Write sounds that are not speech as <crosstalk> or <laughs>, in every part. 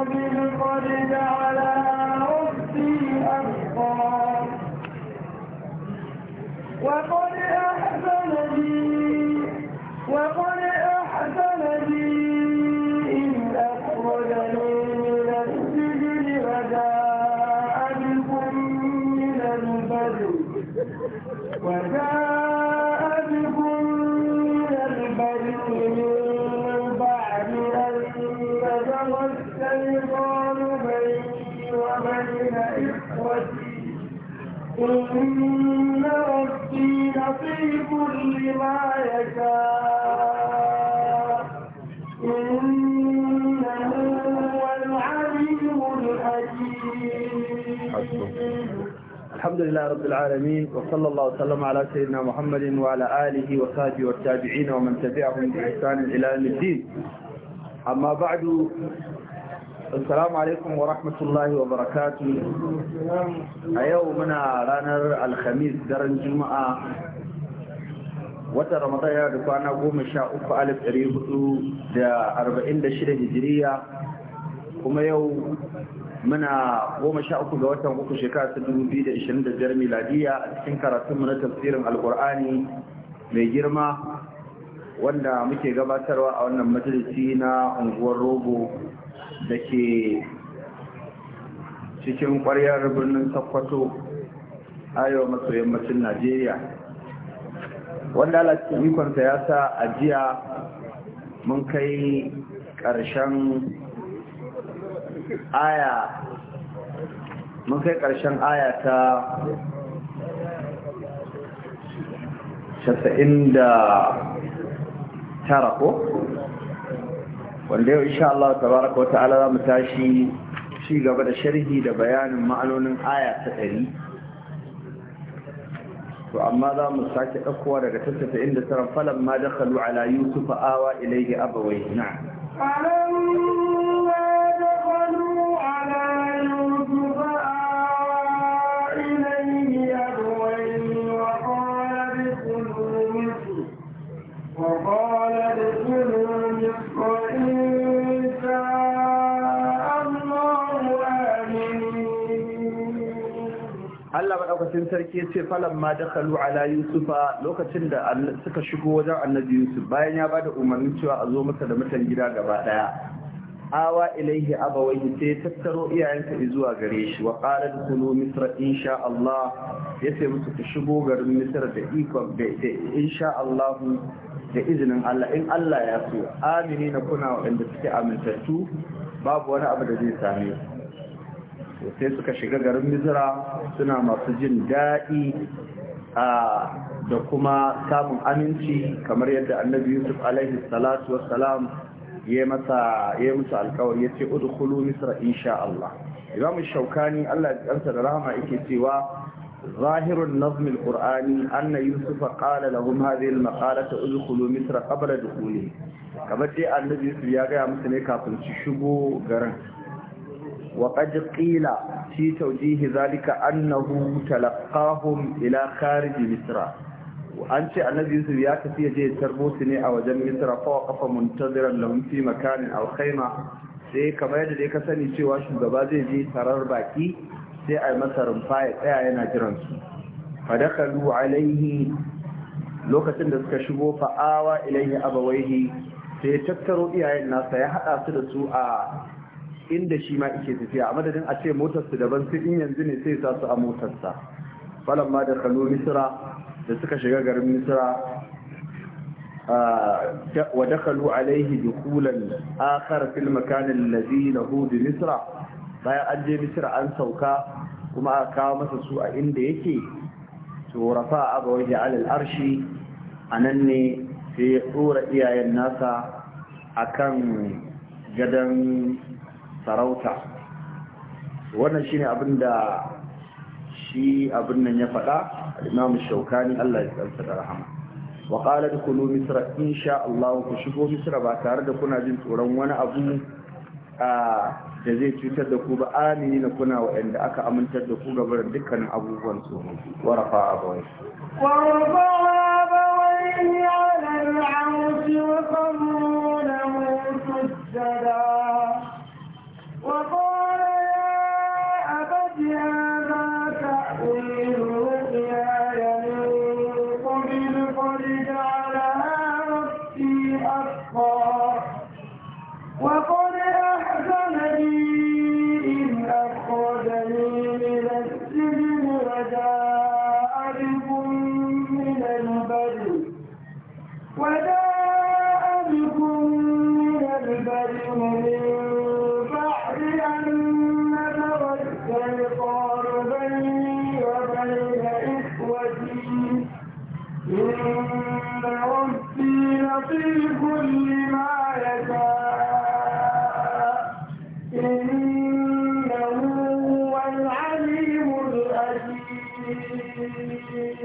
قبل قد جعل إن ربي لطيف لما يشاء إنه هو العليم الحكيم الحمد لله رب العالمين وصلى الله وسلم على سيدنا محمد وعلى آله وصحبه والتابعين ومن تبعهم بإحسان إلى الدين أما بعد Assalamu alaikum wa rahmatullahi wa barakatu. A yau muna ranar Alhamis daren Juma'a. Wata Ramadan yana da kwana goma sha uku alif ɗari hudu da arba'in da shida hijiriya. Kuma yau muna goma sha uku ga watan uku shekara ta dubu biyu da ishirin da biyar miladiya a cikin karatunmu na tafsirin Alƙur'ani mai girma wanda muke gabatarwa a wannan majalisi na unguwar Rogo da ke cikin ƙwaryar birnin Sokoto arewa maso yammacin Najeriya. Wanda alaƙi ikonsa ya sa ajiya mun kai ƙarshen aya mun kai ƙarshen aya ta 99 ko? wanda yau insha Allah tabaraka wa ta'ala za mu tashi shi gaba da sharhi da bayanin ma'anonin aya ta ɗari to amma za mu sake ɗaukowa daga tattata inda tsaron falon ma dakalu ala yusufa awa ilayhi abawai na'am lokacin sarki ya ce falon ma da dakalu ala yusufa lokacin da suka shigo wajen annabi yusuf bayan ya bada umarnin cewa a zo masa da mutan gida gaba daya awa ilaihi abawaihi sai tattaro iyayensa zuwa gare shi wa qala dukulu misra insha Allah yace musu ku shigo garin misra da ikon da insha Allah da izinin Allah in Allah ya so amini na kuna waɗanda suke amintattu babu wani abu da zai same su. sai suka shiga garin mizira suna masu jin daɗi da kuma samun aminci kamar yadda annabi yusuf alaihi salatu wassalam ya yi musu alkawari ya ce udkhulu misra insha Allah imamu shaukani Allah ya ƙansa da rahama yake cewa zahirun nazmin qur'ani anna yusufa qala lahum hadhihi al-maqalata udkhulu misra qabla dukhulihi kamar dai annabi yusuf ya ga musu ne kafin su shigo garin وقد قيل في توجيه ذلك أنه تلقاهم إلى خارج مصر وأنت النبي يوسف ياتي يجي تربوسني أو جن مصر فوقف منتظرا لهم في مكان أو خيمة sai kamar yadda dai ka sani cewa shugaba zai je tarar baki sai a masa rumfa ya tsaya yana jiran su fadakalu alaihi lokacin da suka shigo fa'awa ilaihi abawaihi sai tattaro iyayen nasa ya haɗa su da su a inda shi ma ike tafiya a madadin a ce motarsu daban su in yanzu ne sai sa su a motarsa falon ma da kano misira da suka shiga garin misira wa Kano alaihi dukulan akhar fil makanin ladhi lahu hudu misra bayan an je misira an sauka kuma a kawo masa su a inda yake to a abawahi alal arshi anan ne sai ya tsora iyayen nasa akan gadon sarauta wannan shine abin da shi abin nan ya faɗa imam shaukani Allah ya tsarsa da rahama wa qala dkhulu misra insha Allah ku shigo misra ba tare da kuna jin tsoron wani abu da zai cutar da ku ba amini na kuna waɗanda aka amintar da ku da dukkan abubuwan su wa rafa abawai wa rafa abawai ya lal'auci wa kamuna wa jada wọ́n kó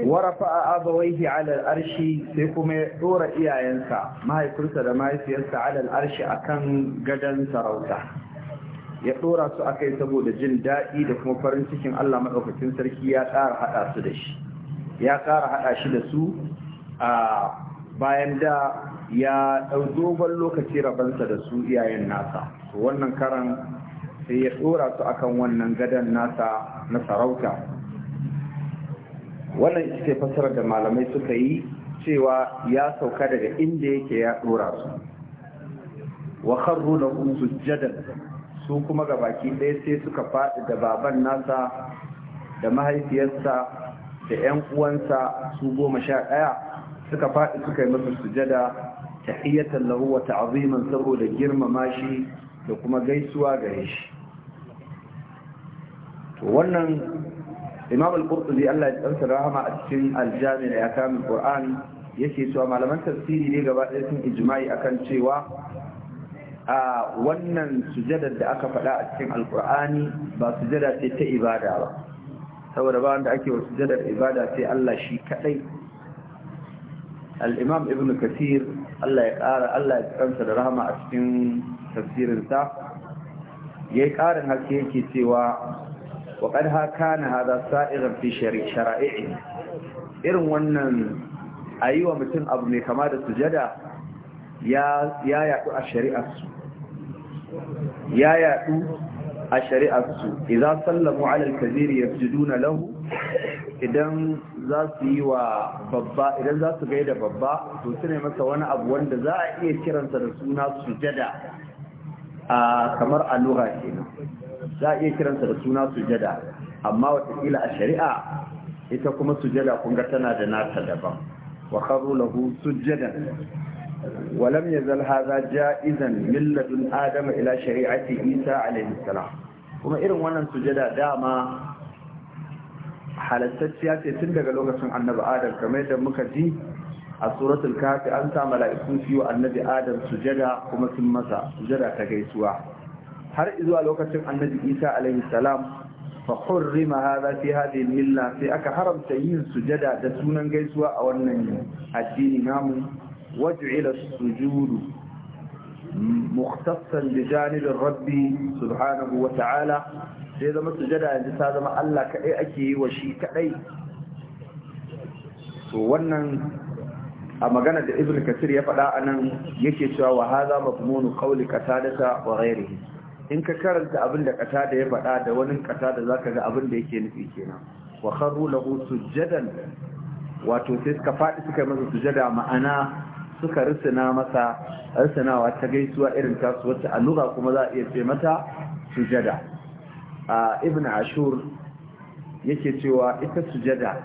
warafa a abawaihi alal arshi sai kuma ya dora iyayensa mahaifinsa da mahaifiyarsa alal arshi akan gadon sarauta ya dora su kai saboda jin daɗi da kuma farin cikin Allah maɗaukacin sarki ya ƙara haɗa su da shi ya ƙara haɗa shi da su a bayan da ya ɗau dogon lokaci rabansa da su iyayen nasa wannan karan sai ya dora su akan wannan gadon nasa na sarauta wannan ita ce fassarar da malamai suka yi cewa ya sauka daga inda yake ya dora su wa kharru lahu sujjadan su kuma gabaki ɗaya sai suka faɗi da baban nasa da mahaifiyarsa da 'yan uwansa su goma sha ɗaya suka faɗi suka yi masa sujada tahiyatan lahu wa ta'ziman saboda girmama shi da kuma gaisuwa gare shi to wannan imam al-qurtubi Allah ya tsanta rahama a cikin aljami da akamin qur'an yake cewa malaman tafsiri ne gaba ɗaya sun ijma'i akan cewa a wannan sujadar da aka faɗa a cikin alqur'ani ba sujada ce ta ibada ba saboda ba wanda ake wa sujadar ibada sai Allah shi kadai al-imam ibnu kathir Allah ya ƙara Allah ya tsanta da rahama a cikin tafsirinsa yayi ƙarin haske yake cewa وقد كان هذا سائغا في شرائعه irin wannan ayi wa mutum abu mai kama da sujada ya yaɗu a shari'arsu ya yaɗu a shari'arsu idan ya alal kaziri yasjuduna lahu idan za su yi wa babba to su ne masa wani abu wanda za a iya kiransa da suna sujada a kamar a kenan za a iya kiransa da suna sujada amma watakila a shari'a ita kuma sujada kun tana da nata daban wa kharu lahu sujadan wa lam yazal hadha ja'izan milladun ladun adama ila shari'ati isa alayhi salam kuma irin wannan sujada dama halattacciya ce tun daga lokacin annabi adam kamar da muka ji a suratul kafi an sa mala'iku su yi wa annabi adam sujada kuma sun masa sujada ta gaisuwa har zuwa lokacin annabi isa alaihi salam fa hurrima hadha fi hadhihi milla sai aka haramta yin sujada da sunan gaisuwa a wannan addini namu waj'ila sujudu mukhtassan bi janibi rabbi subhanahu wa ta'ala sai zama sujada yanzu ta zama Allah kadai ake yi wa shi kadai to wannan a magana da ibn kasir ya faɗa anan yake cewa wa hadha mafmunu qawli qatadata wa ghairihi in ka karanta abin da kasa da ya faɗa da wani kasa da zaka ga abin da yake nufi kenan wa kharu lahu sujadan wato sai suka faɗi suka yi masa sujada ma'ana suka risina masa risinawa ta gaisuwa irin ta wacce wata kuma za a iya ce mata sujada a ibn ashur yake cewa ita sujada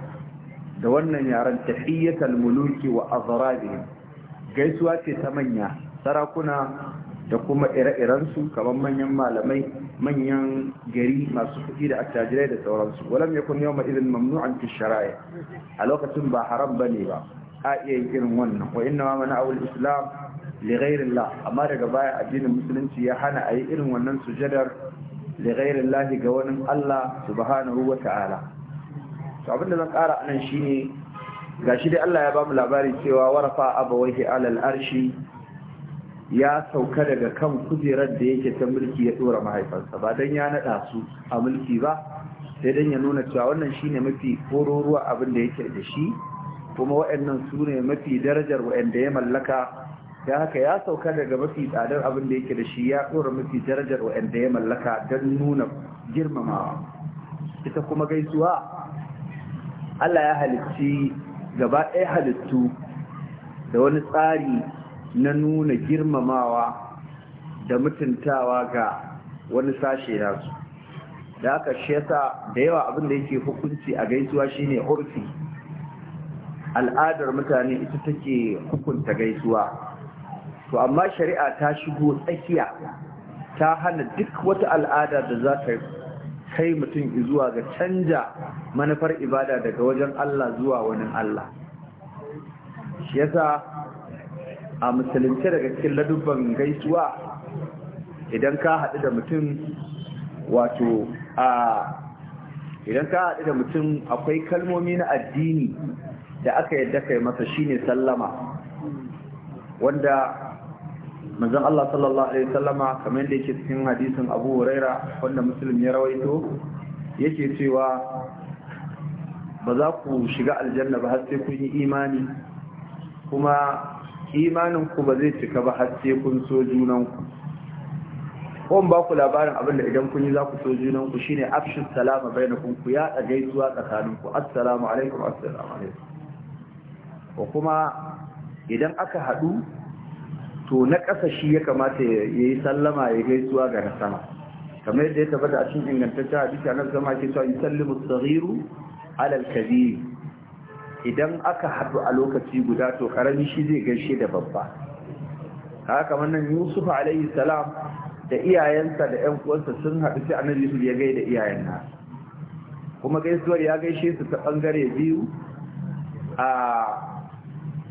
da wannan yaren tahiyyatal muluki wa azrabihim gaisuwa ce ta manya sarakuna da kuma ire-irensu kamar manyan malamai manyan gari masu kuɗi da attajirai da sauransu walam yakun yawma idan mamnu'an fi shara'i a lokacin ba haram ne ba a iya yin irin wannan wa inna ma mana awul islam li la amma daga baya addinin musulunci ya hana a yi irin wannan sujadar li la ga wani Allah subhanahu wa ta'ala to da zan kara anan shine gashi dai Allah ya ba mu labari cewa warafa abawaihi alal arshi ya sauka daga kan kujerar da yake ta mulki ya dora mahaifansa ba don ya nada su a mulki ba sai don ya nuna cewa wannan shine mafi kororuwa abin da yake da shi kuma waɗannan su ne mafi darajar waɗanda ya mallaka ya haka ya sauka daga mafi tsadar abin da yake da shi ya dora mafi darajar waɗanda ya mallaka don nuna girmamawa ita kuma gaisuwa Allah ya halicci gaba ɗaya halittu da wani tsari na nuna girmamawa da mutuntawa ga wani sashe nasu da aka shesa da yawa abin da yake hukunci a gaisuwa shine urfi al'adar mutane ita take hukunta gaisuwa to amma shari'a ta shigo tsakiya ta hana duk wata al'ada da za ta kai mutum zuwa ga canja manufar ibada daga wajen Allah zuwa wani Allah shi yasa a musulunci daga cikin ladubban gaisuwa idan ka haɗu da mutum wato a idan ka haɗu da mutum akwai kalmomi na addini da aka yadda kai masa shine sallama wanda manzon Allah sallallahu alaihi wasallama kamar da yake cikin hadisin Abu Huraira wanda Muslim ya rawaito yake cewa ba za ku shiga aljanna ba har sai kun yi imani kuma imanin ku ba zai cika ba har sai kun so junan ku kun ba ku labarin abinda idan kun yi za ku so junanku ku shine afshin salama bainakum ku ya da gaisuwa tsakanin assalamu alaikum assalamu alaikum ko kuma idan aka haɗu to na ƙasa shi ya kamata ya yi sallama ya gaisuwa ga na sama kamar yadda ya tabbata a cikin ingantaccen hadisi annabi sama ke cewa yusallimu as ala idan aka haɗu a lokaci guda to ƙarami shi zai gaishe da babba haka wannan yusuf alaihi salam da iyayensa da ƴan uwansa sun haɗu sai annabi yusuf ya gaida iyayen kuma gaisuwar ya gaishe su ta ɓangare biyu a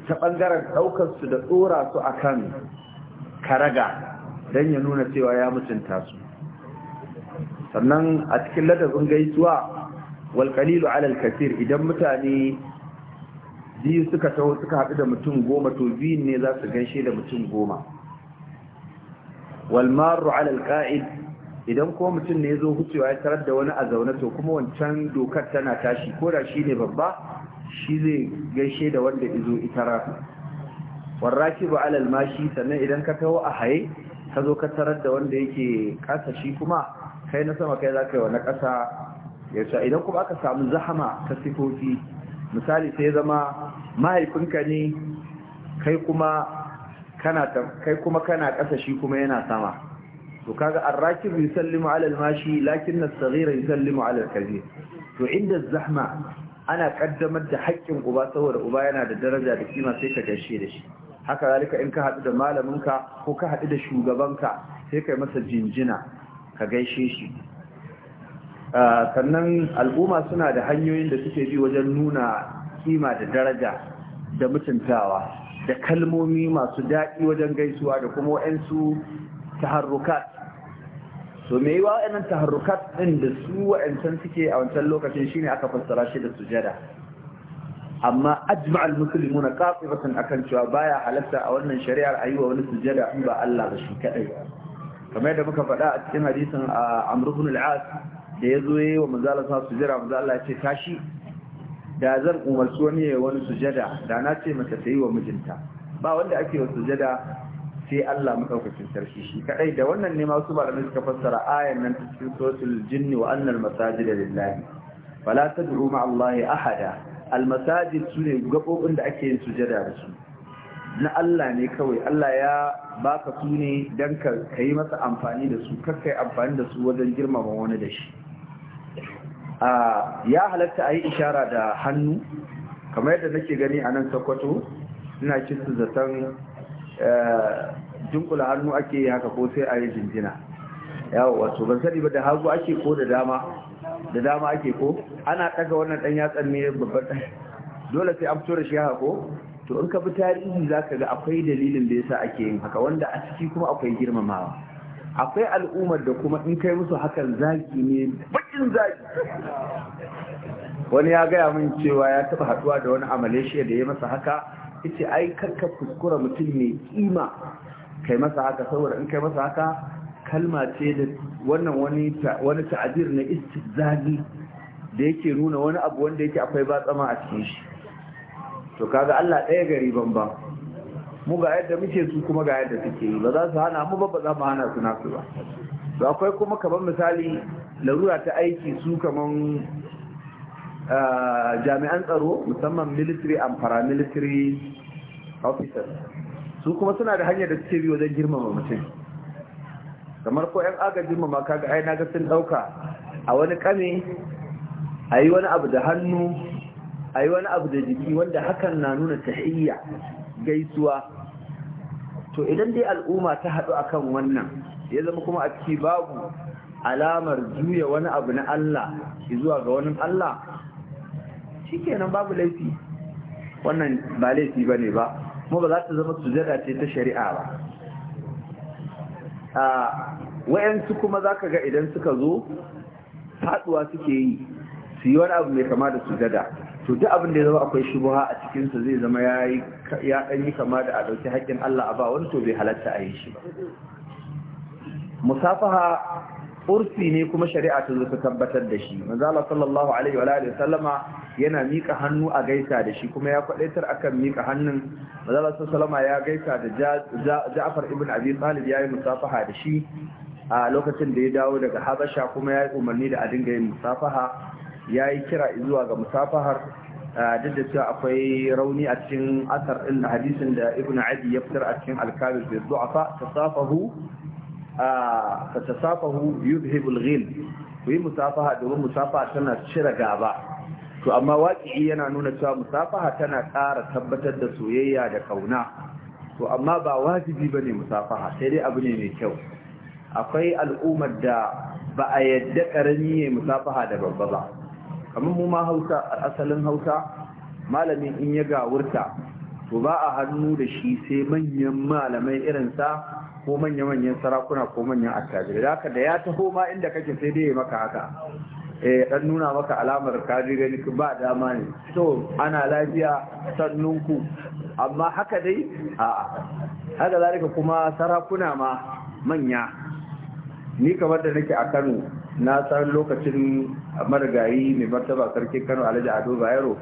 ta ɓangaren ɗaukar su da tsora su a kan karaga Dan ya nuna cewa ya mutunta su sannan a cikin ladabin gaisuwa walƙalilu alal kafir idan mutane biyu suka taho suka haɗu da mutum goma to biyun ne za su ganshe da mutum goma walmaru alal idan kuma mutum ne zo hucewa ya tarar da wani a zaune to kuma wancan dokar tana tashi ko da shi ne babba shi zai gaishe da wanda izo itara warraki ba alalmashi sannan idan ka taho a haye ka zo ka tarar da wanda yake kasa shi kuma kai na sama kai za ka yi wa ƙasa ya idan kuma aka samu zahama ta sifofi misali sai zama mahaifinka ne kai kuma kana kai kuma kana ƙasa shi kuma yana sama to kaga arrakib yusallimu ala almashi lakinna as-saghira yusallimu ala al-kabir to inda zahma ana kaddamar da haƙƙin uba saboda uba yana da daraja da kima sai ka gaishe da shi haka zalika in ka haɗu da malaminka ko ka haɗu da shugabanka sai kai masa jinjina ka gaishe shi ah, sannan al'umma suna da hanyoyin da suke bi wajen nuna kima da daraja da mutuntawa da kalmomi masu daɗi wajen gaisuwa da kuma wa'yansu taharrukat so me yi ta taharrukat ɗin da su wa'yancan suke a wancan lokacin shine aka fassara shi da sujada amma ajma'al musulmi na kafiratan akan cewa baya halatta a wannan shari'ar a yi wa wani sujada in ba Allah ba shi kaɗai kamar yadda muka faɗa a cikin hadisin a ah, amurkun as da ya zo wa manzala sujada manzala ya ce tashi da zan umarci wani ya wani sujada da na ce mata ta yi wa mijinta ba wanda ake wa sujada sai Allah madaukakin sarki shi Kaɗai da wannan ne masu malamai suka fassara ayan nan ta cikin suratul jinni wa annal masajida lillahi fala tad'u ma'a Allahi ahada al masajid sune gabobin da ake yin sujada da su na Allah ne kawai Allah ya baka su ne dan ka yi masa amfani da su kar yi amfani da su wajen girmama wani da shi ya halatta a yi ishara da hannu kamar yadda nake gani a nan sokoto ina kinsu zaton jinkula eh, hannu ake yi haka ko sai a yi jinjina yawo wato ban sani ba da hagu ake ko da dama da dama ake ko ana ɗaga wannan ɗan yatsan ne babban ɗan dole sai an fito da shi haka ko to in ka bi tarihi za ka ga akwai dalilin da yasa ake yin haka wanda a ciki kuma akwai girmamawa akwai al'ummar da kuma in kai musu hakan zaki ne bakin wani ya gaya min cewa ya taba haduwa da wani a da ya masa haka yace ai karka kuskura mutum mai kima kai masa haka saboda in kai masa haka kalma ce da wannan wani wani ta'adir na istizali da yake nuna wani abu wanda yake akwai batsama a cikin shi to kaga Allah ɗaya gari bamba mu ga yadda muke su kuma ga yadda suke yi ba za su hana mu ba ba za mu hana su nasu ba to akwai kuma kaman misali larura ta aiki su kamar. Ah, jami'an tsaro musamman military and paramilitary officers su kuma suna da hanyar da suke biyo wajen girmama mutum kamar ko 'yan aga girmama kaga ai na ga sun ɗauka a wani kame a yi wani abu da hannu a yi wani abu da jiki wanda hakan na nuna tahiyya gaisuwa to idan dai al'umma ta haɗu akan wannan ya zama kuma a ciki babu alamar juya wani abu na Allah zuwa ga wani Allah shi kenan babu laifi wannan ba laifi ba ne ba kuma ba za ta zama sujada ce ta shari'a ba a wayansu kuma za ka ga idan suka zo faduwa suke yi su yi wani abu mai kama da su sujada to duk abin da ya zama akwai shubuha a cikinsa zai zama ya ɗan yi kama da a ɗauki haƙƙin Allah a ba wani to bai halatta a yi shi ba musafaha urfi ne kuma shari'a ta zo ta tabbatar da shi manzo sallallahu alaihi wa alihi sallama yana mika hannu a gaisa da shi kuma ya kwadaitar akan mika hannun manzo Allah sallallahu ya gaisa da Ja'far ibn Abi Talib yayi musafaha da shi a lokacin da ya dawo daga Habasha kuma yayi umarni da a dinga yin musafaha yayi kira zuwa ga musafahar duk da cewa akwai rauni a cikin asar din hadisin da Ibn Abi ya fitar a cikin al-Kabir bi du'afa tasafahu a fatasafahu yudhibul ghil wi Kuyi musafaha domin musafaha tana cire gaba to amma waqi'i yana nuna cewa musafaha tana ƙara tabbatar da soyayya da kauna to amma ba wajibi bane musafaha sai dai abu ne mai kyau akwai al'ummar da ba a yadda ƙarami ya musafaha da babba ba kamar mu ma hausa a asalin hausa malamin in ya gawurta to ba a hannu da shi sai manyan malamai irin sa. ko manya-manyan sarakuna ko manyan attajirai da haka da ya taho ma inda kake sai dai maka haka eh dan nuna maka alamar kaji gani ba dama ne to ana lafiya sannunku amma haka dai a'a haka zalika kuma sarakuna ma manya ni kamar da nake a Kano na san lokacin marigayi mai martaba sarki Kano Alhaji Ado Bayero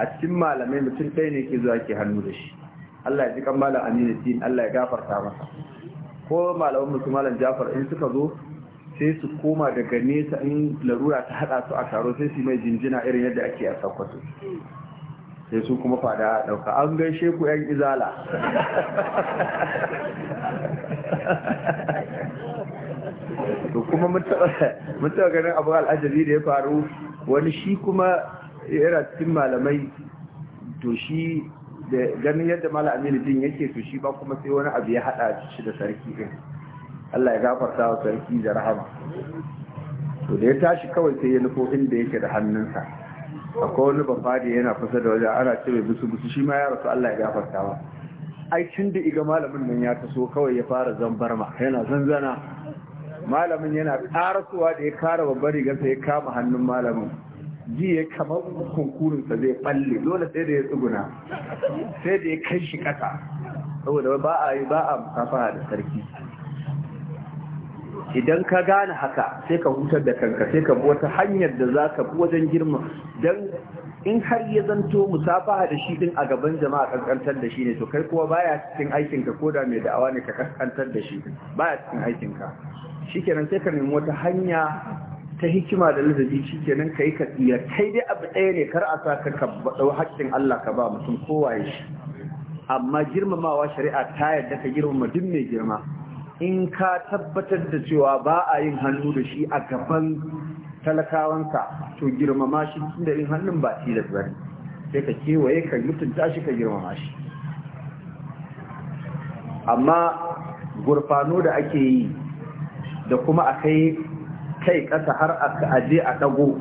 a cikin malamai mutum ɗaya ne ke zuwa ke hannu da shi Allah ya ji kan malam Aminu Allah ya gafarta masa ko malaman musu malam jafar in suka zo sai su koma daga nesa in larura ta hada su a taro sai su mai jinjina irin yadda ake a sakwato sai su kuma fada dauka an gaishe ku yan izala <laughs> to kuma mun taba ganin abu al'ajabi da ya faru wani shi kuma irin cikin malamai to shi da ganin yadda mala aminu din yake to shi ba kuma sai wani abu ya hada shi da sarki din Allah ya gafarta wa sarki da rahama to da ya tashi kawai sai ya nufo inda yake da hannunsa akwai wani babba da yana kusa da wajen ana ce mai busu busu shi ma ya rasu Allah ya gafarta wa ai tun da iga malamin nan ya taso kawai ya fara zambarma yana zanzana malamin yana karasuwa da ya kara babbar rigarsa ya kama hannun malamin ji ya kamar kunkurinsa zai balle dole sai da ya tsuguna sai da ya kai shi kasa saboda ba a yi ba a musafaha da sarki idan ka gane haka sai ka hutar da kanka sai ka bi wata hanyar da za ka bi wajen girma don in har ya zanto musafaha da shi din a gaban jama'a kankantar da shi ne to kai kuwa baya cikin aikinka ko da mai da'awa ne ka kankantar da shi baya cikin aikinka shikenan sai ka nemi wata hanya ta hikima da ladabi kenan kai ka iya kai dai abu ɗaya ne kar a sa ka ka dau haƙƙin Allah ka ba mutum kowaye shi amma girmamawa shari'a ta yadda ka girmama duk mai girma in ka tabbatar da cewa ba a yin hannu da shi a gaban talakawansa to girmama shi tun da yin hannun ba da bane sai ka kewaye ka mutunta shi ka girmama shi amma gurfano da ake yi da kuma a kai kai ƙasa har aka aje a ɗago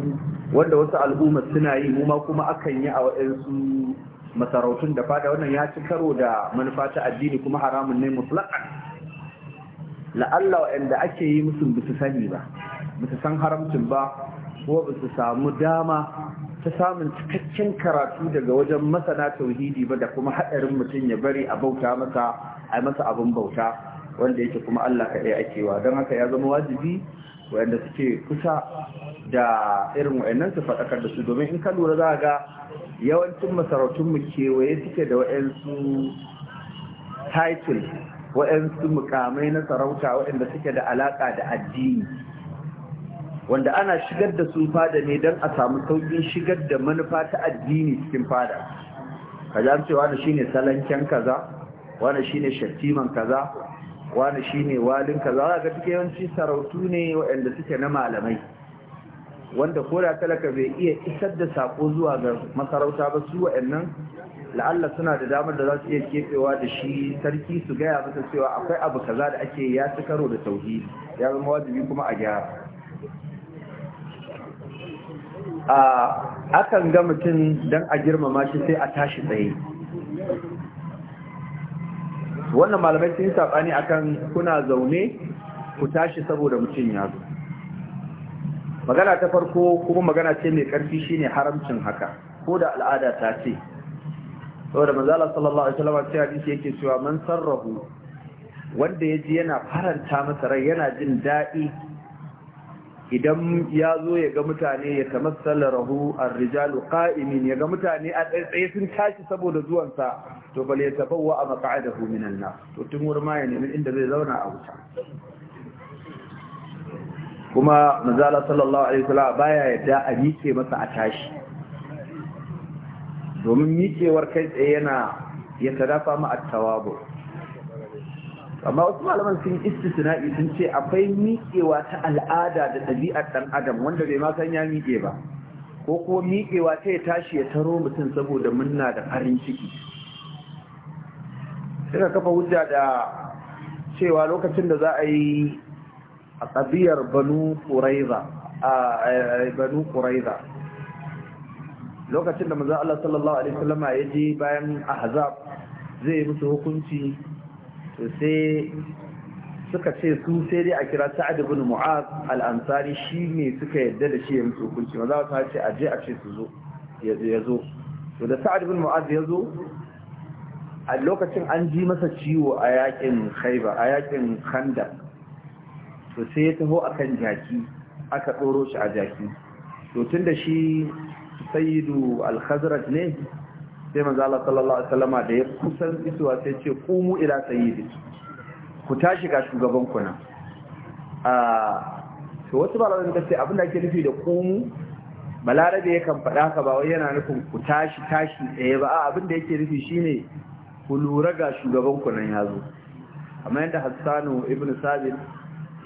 wanda wasu al'ummar suna yi mu ma kuma akan yi a waɗansu masarautun da fada wannan ya ci karo da manufa ta addini kuma haramun ne mutlaqan la'alla waɗanda ake yi musu bisu sani ba bisu san haramcin ba kuma bisu samu dama ta samun cikakken karatu daga wajen masana tauhidi ba da kuma haɗarin mutum ya bari a bauta masa a masa abin bauta wanda yake kuma Allah kaɗai wa don haka ya zama wajibi wanda suke kusa da irin wa'annan su faɗakar da su domin in ka lura za ga yawancin masarautunmu kewaye suke da wa'ansu title wayansu mukamai na sarauta wayanda suke da alaƙa da addini wanda ana shigar da su fada ne don a samu sauƙin shigar da manufa ta addini cikin fada kaza cewa wani shine salanken kaza wani shine shattiman kaza wani shine walin kaza ga duk yawanci sarautu ne waɗanda suke na malamai wanda ko da talaka bai iya isar da sako zuwa ga masarauta ba su waɗannan la'alla suna da damar da za su iya kefewa da shi sarki su gaya masa cewa akwai abu kaza da ake ya ci karo da tauhi ya zama wajibi kuma a gyara a akan ga mutum don a girmama shi sai a tashi tsaye wannan malamai sun yi saɓani akan kuna zaune ku tashi saboda mutum ya zo magana ta farko kuma magana ce mai ƙarfi shine haramcin haka ko da al'ada ta ce saboda manzala sallallahu alaihi wasallam sai hadisi yake cewa man sarrahu wanda ya ji yana faranta masa rai yana jin daɗi idan ya zo ya ga mutane ya tamassala rahu ar-rijalu qa'imin ya ga mutane a tsaye sun tashi saboda zuwansa to bal ya wa a maq'adahu min an-nar to tun wurma ya nemi inda zai zauna a wuta kuma manzala sallallahu alaihi wasallam baya yadda a miƙe masa a tashi domin miƙewar kai tsaye yana ya tadafa ma at-tawabu amma wasu malaman sun istisna'i sun ce akwai miƙewa ta al'ada da ɗabi'ar ɗan adam wanda bai ma san ya miƙe ba ko kuma miƙewa ta ya tashi ya taro mutum saboda munna da farin ciki suka kafa hujja da cewa lokacin da za a yi a ƙabiyar banu ƙuraiza lokacin da maza Allah sallallahu Alaihi wasallama ya je bayan ahzab zai musu hukunci suka ce su sai dai a kira sa'ad ibn mu'az al-ansari shi ne suka yadda da shi ya musu hukunci maza wata ce a je a ce su zo ya zo to da sa'ad ibn mu'az ya zo a lokacin an ji masa ciwo a yakin khaiba a yakin khandaq to sai ya taho akan jaki aka tsoro shi a jaki to tunda shi sayyidu al-khazraj ne sai manzo Allah sallallahu alaihi da ya kusan isuwa sai ce qumu ila sayyidi ku tashi ga shugaban ku nan a to wasu malaman da sai abin da ake nufi da qumu balarabe yakan faɗa ka ba wai yana nufin ku tashi tashi tsaye ba abin da yake nufi shine ku lura ga shugaban ku nan yazo amma yanda Hassanu ibn Sabit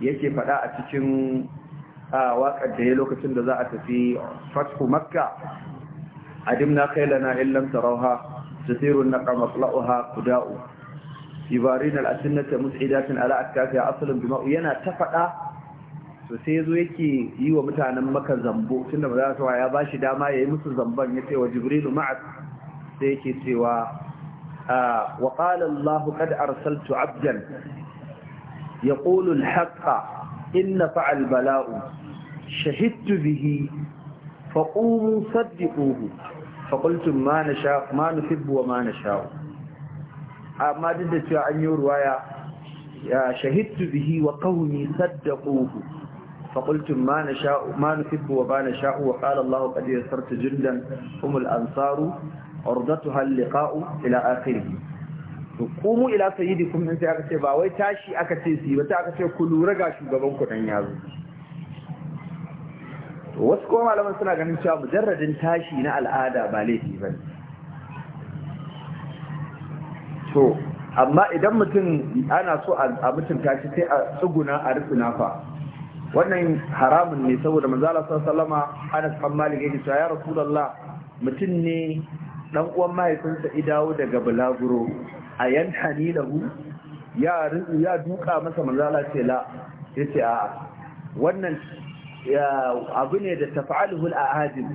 yake faɗa a cikin waƙar da ya lokacin da za a tafi fatku makka adimna kailana illam tarauha tasirun naqamatla'uha kuda'u ibarin al-asinnata mus'idatin ala akkafi aslan bima yana ta fada to sai yazo yake yi wa mutanen maka zambo tunda ba za su ya bashi dama yayi musu zamban ya ce wa jibrilu ma'a sai yake cewa wa qala allah qad arsaltu abdan yaqulu al-haqq inna fa'al bala'u shahiddu bihi فقوموا صدقوه faƙultun ma na ma na amma duk da cewa an yi ruwaya ya shahittu bihi wa ƙauni sadda ƙuhu faƙultun ma na ma na wa ƙarar lahu ƙadiyar sarta jindan umul ansaru ordatu halliƙa'u ila akirin to ƙumu ila sayidi kuma sai aka ce ba wai tashi aka ce ba, wata aka ce ku lura ga shugaban kudan yazo wasu kuma malaman suna ganin cewa mujarradin tashi na al'ada ba laifi ba to amma idan mutum ana so a mutunta shi sai a tsuguna a rufina fa wannan haramun ne saboda manzala sallama ana bin malik yake cewa ya rasulullah mutum ne dan uwan mahaifinsa idawo daga bulaguro a yanhani lahu ya ya duka masa manzala ce la yace a wannan abu ne da tafa'alhul a'adin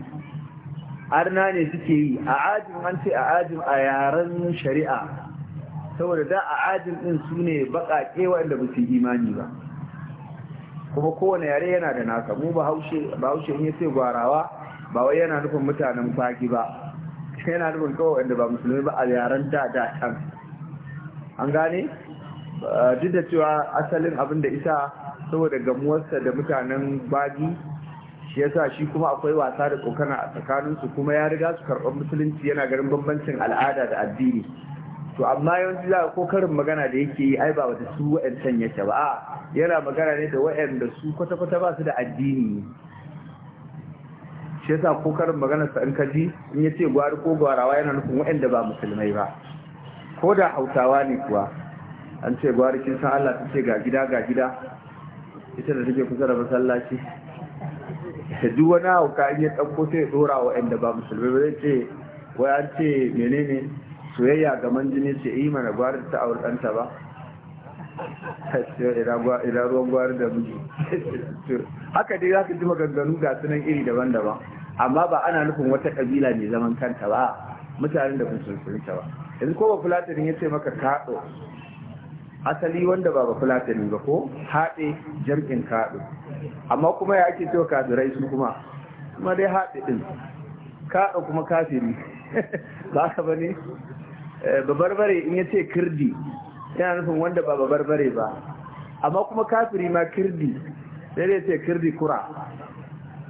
arna ne suke yi a'adin an ce a'adin a yaren shari'a saboda da a'adin din su ne baƙaƙe waɗanda ba su imani ba kuma kowane yare yana da nasa mu ba haushe ne sai gwarawa ba wai yana nufin mutanen faki ba yana nufin kawai inda ba musulmi ba a yaren da da can an gane duk da cewa asalin abin da isa saboda gamuwarsa da mutanen bagi shi yasa shi kuma akwai wasa da tsokana a tsakaninsu kuma ya riga su karɓar musulunci yana garin bambancin al'ada da addini to amma yanzu za ko karin magana da yake yi ai ba wata su wayan yake ba a yana magana ne da da su kwata-kwata ba su da addini shi yasa ko karin magana sa in kaji in yace gwari ko gwarawa yana nufin da ba musulmai ba ko da hausawa ne kuwa an ce gwari kin san Allah ta ce ga gida ga gida ita da take kusa da masallaci da duk wani hauka in ya ɗauko sai ɗora wa ɗan da ba musulmi ba zai ce wai an ce menene soyayya ga manjini ce yi eh, mana gwarar ta aure ɗanta ba idan ruwan gwarar da miji haka dai za ka ji maganganu ga sunan iri daban-daban amma ba ana nufin wata ƙabila mai zaman kanta ba mutanen da musulunta ba yanzu ko ba fulatanin ya ce maka kaɗo asali wanda ba bafulatani ba ko haɗe jam'in kaɗo amma kuma ya ake cewa kafirai su kuma kuma dai haɗe ɗin kaɗo kuma kafiri <laughs> ba ka ba ne eh, babarbare in ya ce kirdi yana nufin wanda ba babarbare ba amma kuma kafiri ma kirdi sai dai ce kirdi kura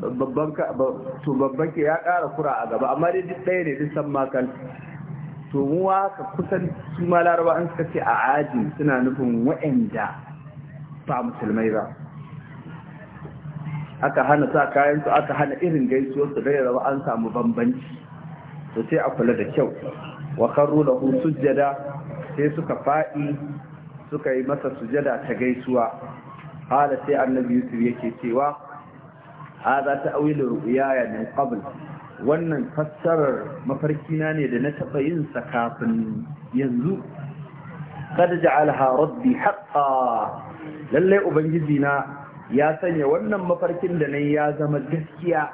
babban to babban ke ya ƙara kura a gaba amma dai ɗaya ne duk san makal to mu ka kusan su ma laraba an suka ce a ajin suna nufin wa'anda ba musulmai ba aka hana sa kayan su aka hana irin gaisuwa su gaira ba an samu bambanci to sai a kula da kyau wa karru lahu sujjada sai suka faɗi suka yi masa sujada ta gaisuwa hala sai annabi yusuf yake cewa hadha ta'wilu ru'yaya min qabl wannan fassarar mafarkina ne da na taɓa yin sa kafin yanzu kada ja'alha rabbi haqqa lallai ubangiji na ya sanya wannan mafarkin da nayi ya zama gaskiya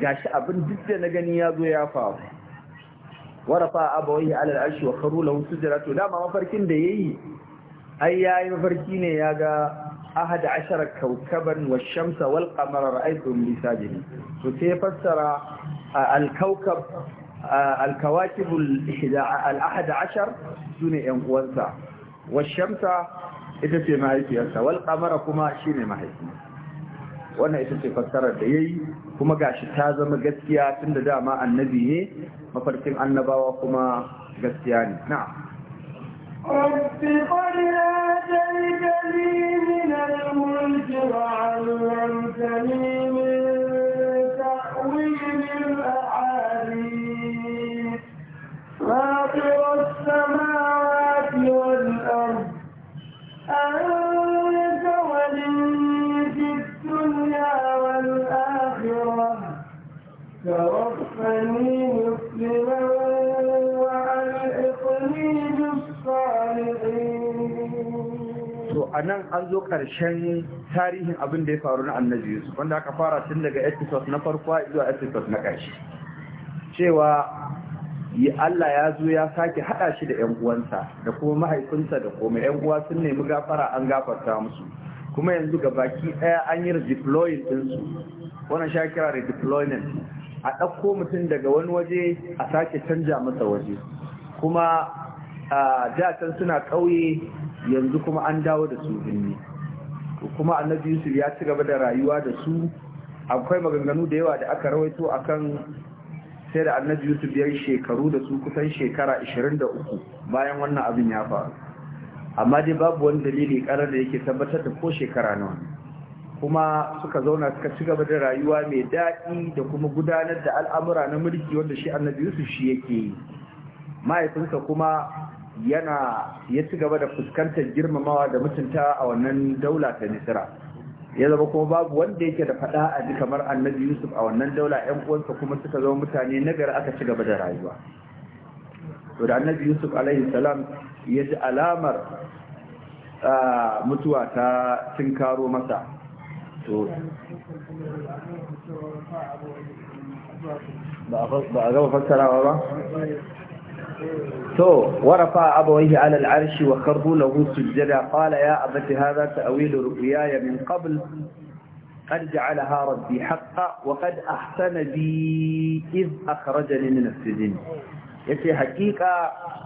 gashi abin duk da na gani ya zo ya faru warafa abawai ala al'arshi wa karu lahu sujjara to dama mafarkin da yayi ai yayi mafarki ne ya ga ahad ashara kaukaban wa shamsa wal qamara ra'aytum li sajidin to sai fassara alkaukab alkawakibul al'ahad ashar sune ne ‘yan uwansa washamsa ita ce mahaifiyarsa wal kuma shi ne mahaifi wannan ita ce fassarar da ya kuma gashi ta zama gaskiya tun da dama annabi ne mafarkin annabawa kuma gaskiya ne na'am رب قد آتيتني من الملك وعلمتني من فاطر والأرض أنت ولي في الدنيا والآخرة توفني مسلما وألحقني بالصالحين to nan an zo ƙarshen tarihin abin da ya faru na annabi yusuf wanda aka fara tun daga episode na farko zuwa episode na ƙarshe cewa yi Allah ya zo ya sake haɗa shi da 'yan uwansa da kuma mahaifinsa da kuma 'yan uwa sun nemi gafara an gafarta musu kuma yanzu ga baki ɗaya an yi redeploying ɗinsu wannan sha kira redeployment a ɗauko mutum daga wani waje a sake canja masa waje kuma da can suna ƙauye yanzu kuma an dawo da su birni kuma annabi yusuf ya ci gaba da rayuwa da su akwai maganganu da yawa da aka rawaito akan sai da annabi yusuf ya yi shekaru da su kusan shekara 23 bayan wannan abin ya faru amma dai babu wani dalili karar da yake tabbatar da ko shekara nawa kuma suka zauna suka ci gaba da rayuwa mai daɗi da kuma gudanar da al'amura na mulki wanda shi annabi yusuf shi yake yi mahaifinsa kuma yana ya ci gaba da fuskantar girmamawa da mutunta a wannan daula ta misira ya zama kuma babu wanda yake da faɗa a ji kamar annabi yusuf a wannan daula ‘yan uwansa kuma suka zama mutane na gari aka ci gaba da rayuwa to da annabi yusuf alaihi salam ya ji alamar mutuwa ta karo masa to ba a gaba fassarawa ba to warafa abawaihi ala arshi wa kardu lahu a qala ya abati hadha ta'wilu ru'yaya min qabl qad ja'alaha rabbi haqqan wa qad ahsana bi id akhrajani min as-sijn yace haqiqa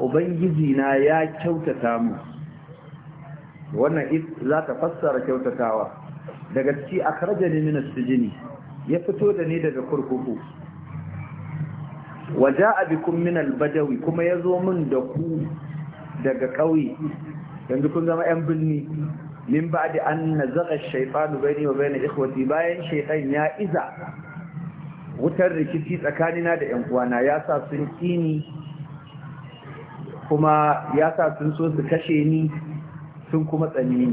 ubangiji na ya kyautata mu wannan id za ta fassara kyautatawa daga ci akhrajani min as ya fito da ni daga kurkuku waja bikin min badawi kuma ya zo min da ku daga ƙauye yanzu kun zama 'yan birni min ba da an na zaga shaifanu bai wa bai na bayan shaifan ya iza wutar rikici tsakanina da 'yan uwana ya sa sun kini kuma ya sa sun so su kashe ni sun kuma tsani ni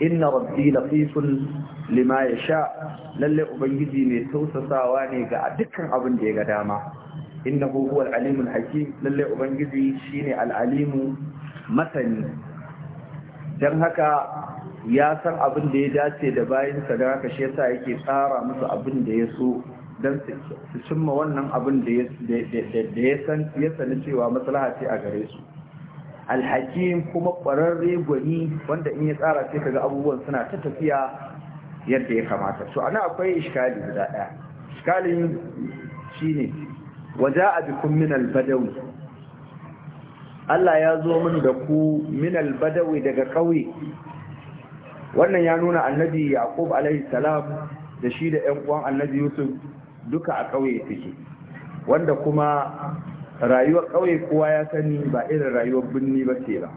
inna rabbi lafifun lima ya sha lalle ubangiji mai tausasawa ne ga dukkan abin da ya ga dama innahu huwal alimul hakim lalle ubangiji shine al'alimu masani dan haka ya san abin da ya dace da bayansa da haka shi yasa yake tsara musu abin da ya so dan su cimma wannan abin da ya san ya sani cewa maslaha ce a gare su hakim kuma kwararre gwani wanda in ya tsara sai kaga abubuwan suna ta tafiya yadda ya kamata To ana akwai iskali guda ɗaya shi shine waje a bikin min badawi Allah ya zo min da ku min badawi daga ƙauye wannan ya nuna annabi yaqub alaihi salam da shi da ƴan uwan annabi yusuf duka a ƙauye take wanda kuma rayuwar ƙauye kowa ya sani ba irin rayuwar birni ba ce ba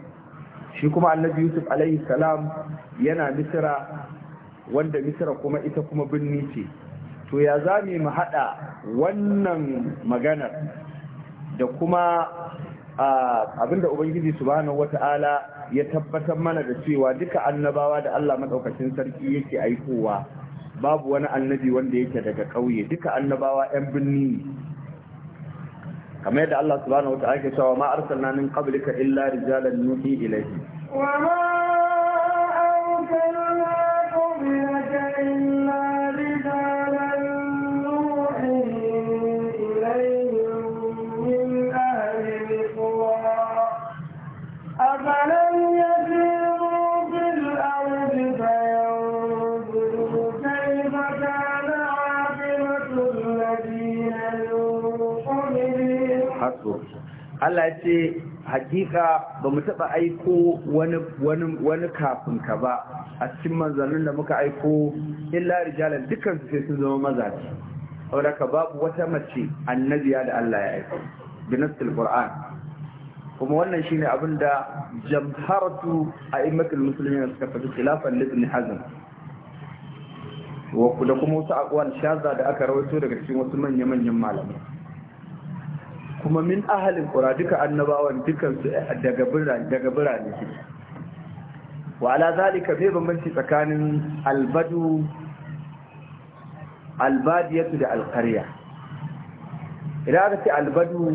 shi kuma annabi yusuf alaihi salam yana misira wanda misra kuma ita kuma birni ce to ya za mu haɗa wannan maganar da kuma abinda ubangiji subhanahu wata'ala ya tabbatar mana da cewa duka annabawa da Allah madaukakin sarki yake aikowa babu wani annabi wanda yake daga ƙauye duka annabawa 'yan birni kamar yadda Allah subhanahu wata'ala ke cewa ma arsalna min qablika illa rijalan nuhi ilayhi wa ma Allah ya ce hakika ba mu taɓa aiko wani kafin ka ba a cikin manzannin da muka aiko illa rijalan dukkan su sai sun zama mazaje saboda ka babu wata mace annabiya da Allah ya aiko binasul qur'an kuma wannan shine abin da jamharatu a'immatul muslimin suka fadi khilafan ibn hazm wa da kuma wasu aqwal shaza da aka rawaito daga cikin wasu manya-manyan malamai kuma min ahalin kura duka annabawan dukansu eh, daga birane daga birane su wa ala zalika bai bambanci tsakanin albadu albadiyatu da alqarya idan aka ce albadu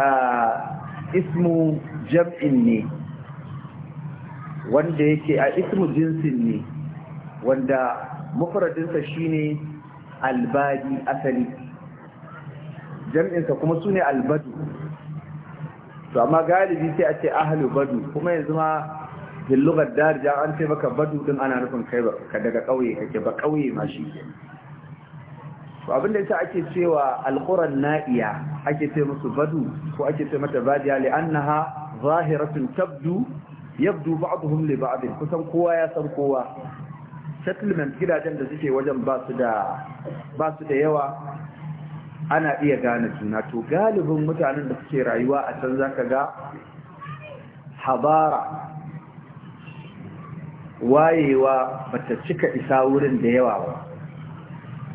a ismu jam'in ne wanda yake a ismu jinsin ne wanda mufradinsa shine albadi asali jam'insa kuma su ne albadu to amma galibi sai a ce ahalu badu kuma yanzu ma billugar darija an ce maka badu din ana nufin kai ka daga ƙauye kake ba ƙauye ma shi ke abinda ita ake cewa alquran na'iya ake ce musu badu ko ake ce mata badiya li'annaha zahiratun tabdu yabdu ba'dhum li ba'd kusan kowa ya san kowa settlement gidajen da suke wajen ba su da ba su da yawa ana iya gane juna to galibin mutanen da suke rayuwa a can zaka ga habara wayewa bata cika isa wurin da yawa ba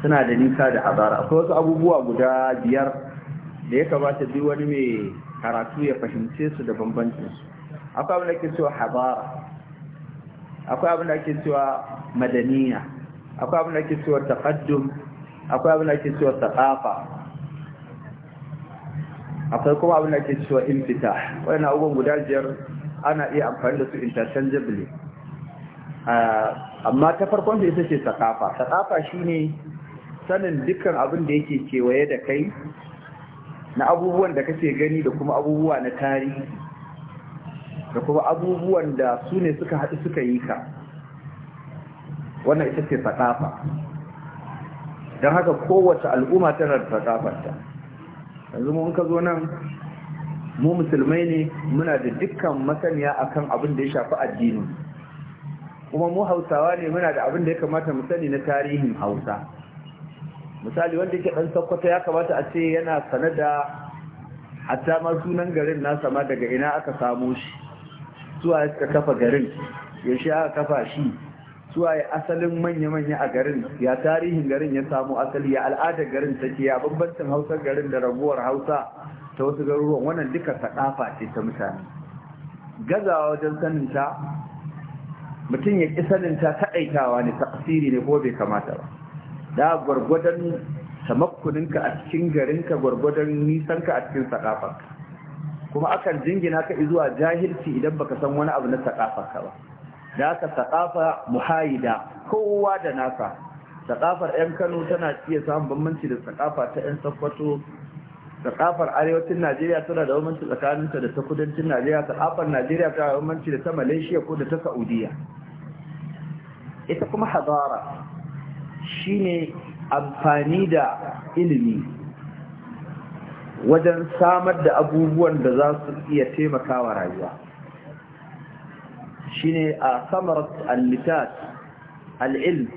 suna da nisa da habara akwai wasu abubuwa guda biyar da ya kamata bi wani mai karatu ya fahimce su da bambancin su akwai abin da ke cewa habara akwai abin da ke cewa madaniya akwai abin da ke cewa taqaddum akwai abin da ke cewa thaqafa akwai kuma abin da ke cewa infita na abubuwan guda biyar ana iya amfani da su interchangeably ah, amma ta farkon da ita ce sakafa sakafa shine sanin dukkan abin da yake kewaye da kai na abubuwan da kake gani da kuma abubuwa na tarihi da kuma abubuwan da su ne suka haɗu suka yi ka wannan ita ce sakafa don haka kowace al'umma tana da sakafarta yanzu mun ka zo nan mu musulmai ne muna da dukkan masaniya akan abin da ya shafi addini kuma mu hausawa ne muna da abin da ya kamata mu sani na tarihin hausa misali wanda yake dan sakwata ya kamata a ce yana sanar da hatta ma sunan garin nasa ma daga ina aka samu shi zuwa ya kafa garin ya aka kafa shi Su waye asalin manya-manya a garin ya tarihin garin ya samu asali ya al'adar garin take ya bambancin Hausa garin da raguwar hausa ta wasu garuruwan wannan duka saɗafa ce ta mutane gazawa wajen saninta mutum ya ƙi saninta taɗaitawa ne tafsiri ne ko bai kamata ba da gwargwadon tamakkuninka a cikin garinka gwargwadon nisanka a cikin saƙafarka, kuma akan jingina ka zuwa jahilci idan baka san wani abu na saƙafarka ba da aka sakafa muhayida kowa da nasa sakafar 'yan kano tana iya samun bambanci da sakafa ta 'yan sakwato sakafar arewacin najeriya tana da bambanci tsakaninta da ta kudancin najeriya sakafar najeriya tana da bambanci da ta malaysia ko da ta saudiya ita kuma hadara shine amfani da ilimi wajen samar da abubuwan da za su iya taimakawa rayuwa shine a samarat al-litat al-ilm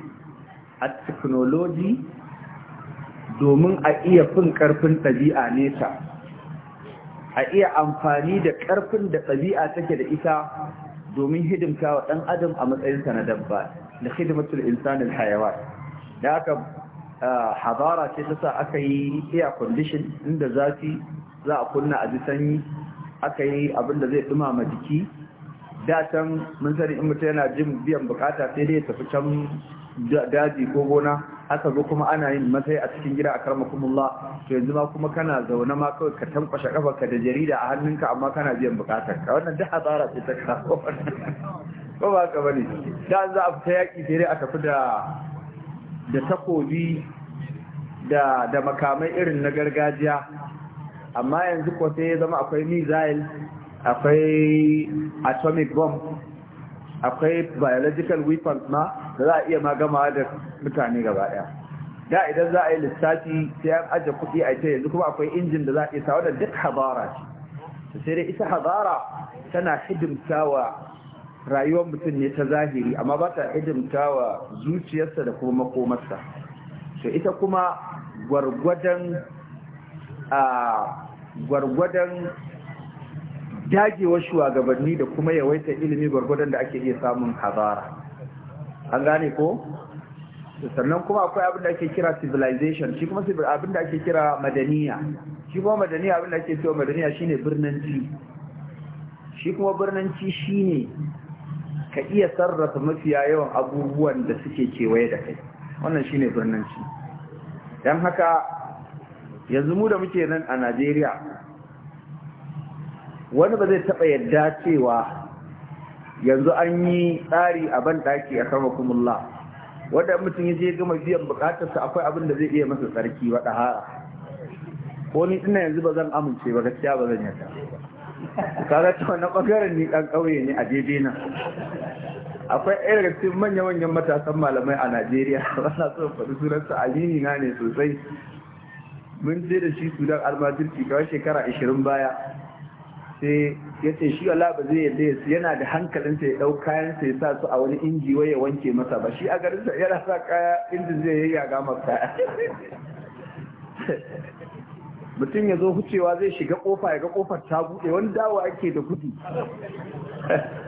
at-technology domin a iya fin karfin ɗabi'a nesa a iya amfani da karfin da ɗabi'a take da ita domin hidimta wa ɗan adam a sa na dabba da hidimatul insanin hayawa da aka hadara ce ta sa aka yi air condition inda zafi za a kunna a ji sanyi aka yi abinda zai ɗumama jiki da can mun sani in mutum yana jin biyan bukata sai dai tafi can daji ko gona aka zo kuma ana yin matsayi a cikin gida a karmakumullah to yanzu ma kuma kana zaune ma kawai ka tankwashe ka da jarida a hannunka amma kana biyan bukatar ka wannan duk hatsara ce ta kawo ko ba ka bane da za a fita yaki sai dai a tafi da da takobi da da makamai irin na gargajiya amma yanzu ko sai ya zama akwai misail akwai atomic bomb akwai biological weapons ma da za a iya magama da mutane gaba ɗaya. da idan za a yi lissafi sai an aje kuɗi a ce yanzu kuma akwai injin da za a isa wadda duk habara ce sai dai ita habara tana hidimta wa rayuwar mutum ne ta zahiri amma ba ta hidimta wa zuciyarsa da kuma makomarsa so ita kuma gwargwadon a ah, gwargwadon dagewar shugabanni da kuma yawaitar ilimi gwargwadon da ake iya samun hazara an gane ko sannan kuma akwai abin da ake kira civilization shi kuma abin da ake kira madaniya shi kuma madaniya abin da ake cewa madaniya shine birnanci shi kuma birnanci shine ka iya sarrafa mafiya yawan abubuwan da suke kewaye da kai wannan shine birnanci don haka yanzu mu da muke nan a Najeriya wani ba zai taɓa yadda cewa yanzu an yi tsari a ban ɗaki a kama kumulla wanda mutum ya je gama biyan bukatarsa akwai abin da zai iya masa tsarki wa ɗahara ko ni ina yanzu ba zan amince ba gaskiya ba zan yarda kaga ta na ɓangaren ni ɗan ƙauye ne a daidai nan akwai ɗaya daga cikin manya-manyan matasan malamai a najeriya <laughs> na so faɗi sunansa alini na ne sosai mun je da shi sudan almajirki kawai shekara ashirin baya sai ya ce shi Allah ba zai yadda yana da hankalin ta ya ɗau kayansa ya sa su a wani inji ya wanke masa ba shi a garin sa yana sa kaya inda zai yi yaga masa mutum ya zo hucewa zai shiga kofa ya ga kofar ta buɗe wani dawo ake da kudi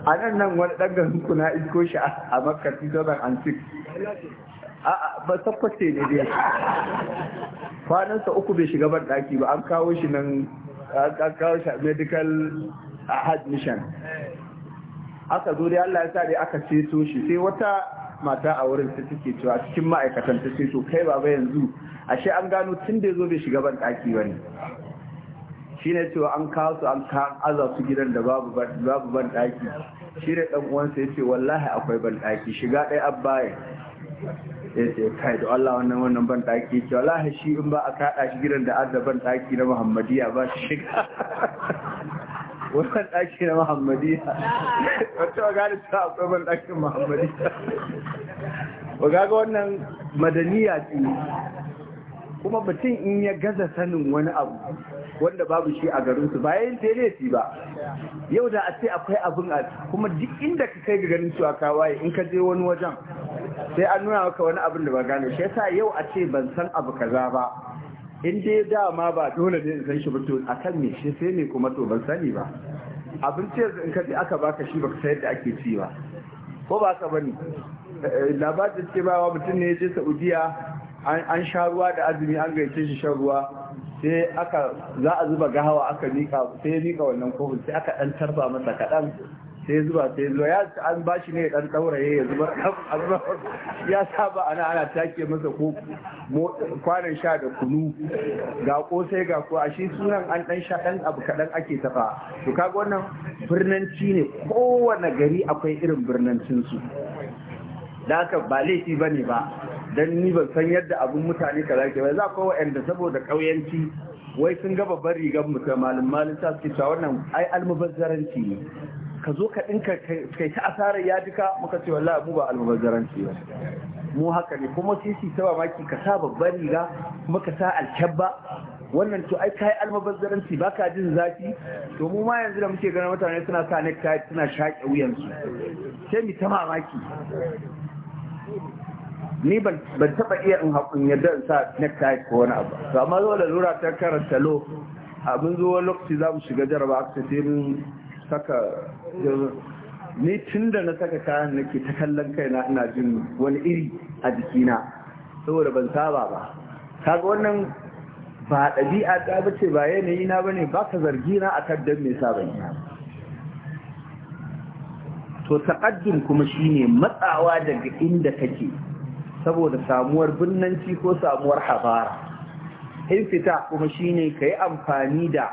a nan nan wani ɗan garin kuna isko shi a makka 2006 a'a ba tabbace ne dai kwanansa uku bai shiga ban ɗaki ba an kawo shi nan ka medical ahad aka zo dai Allah ya sa aka ceto shi sai wata mata a wurin ta take cewa cikin ma'aikatan ta ceto, kai baba yanzu ashe an gano tun da zo bai shiga ban daki bane shine cewa an kawo su an ka aza su gidan da babu babu ban daki shi da dan uwansa yace wallahi akwai ban daki shiga ɗaya abbaye ya ce kai da Allah wannan wannan ban daki ce wallahi shi in ba a kada shi gidan da azza ban daki na Muhammadiya ba shi shiga <laughs> wannan daki na Muhammadiya wato ga da ta akwai ban dakin Muhammadiya ga ga wannan madaniya ce kuma mutum in ya gaza sanin wani abu wanda babu shi a garin su bayan telesi ba yau da a ce akwai abin a kuma duk inda ka kai ga ganin cewa ka waye in ka je wani wajen sai an nuna maka wani abin da ba gane shi yasa yau a ce ban san abu kaza ba in dai dama ba dole ne in san shi ba to akan me shi sai ne kuma to ban sani ba abinci yanzu in ka ji aka baka shi baka sayar da ake ci ba ko ba ka ba eh, eh, labarin ce ba mutum ne ya je Saudiya an sha ruwa da azumi an gaice shi shan ruwa sai aka za a zuba gahawa aka mika sai ya mika wannan kofin sai aka dan tarba masa kadan sai zuwa sai zuwa ya an ba shi ne dan dauraye ya zubar ya saba ana ana take masa ko kwanan sha da kunu ga sai ga ko a sunan an dan sha dan abu kadan ake tafa to kaga wannan birnanci ne kowane gari akwai irin birnancin su da haka ba laifi bane ba dan ni ban san yadda abun mutane kaza ke ba za ko wa'anda saboda kauyanci wai sun ga babbar rigar mutum malin malin sa suke cewa wannan ai almubazzaranci ne ka zo ka ɗinka kai ta asarar ya duka muka ce wallahi mu ba almubazzaranci ba mu haka ne kuma sisi ta mamaki ka sa babban riga kuma ka sa alkyabba wannan to ai kai almubazzaranci ba ka jin zafi to mu ma yanzu da muke ganin mutane suna sa necktie suna shaƙe wuyansu sai mi ta mamaki ni ban taba iya in haƙun yadda in sa necktie ko wani abu to amma zo da lura ta karanta lo abin zuwa lokaci za mu shiga jarabawa aka sai mun saka ni tun da na saka kayan nake ta kallon kaina ina jin wani iri a jikina saboda ban saba ba kaga wannan ba ɗabi'a ta bace ba yanayi na bane ba ka zargi na akan dan me sa ban to taqaddum kuma shine matsawa daga inda kake saboda samuwar binnanci ko samuwar habara In fita kuma shine kai amfani da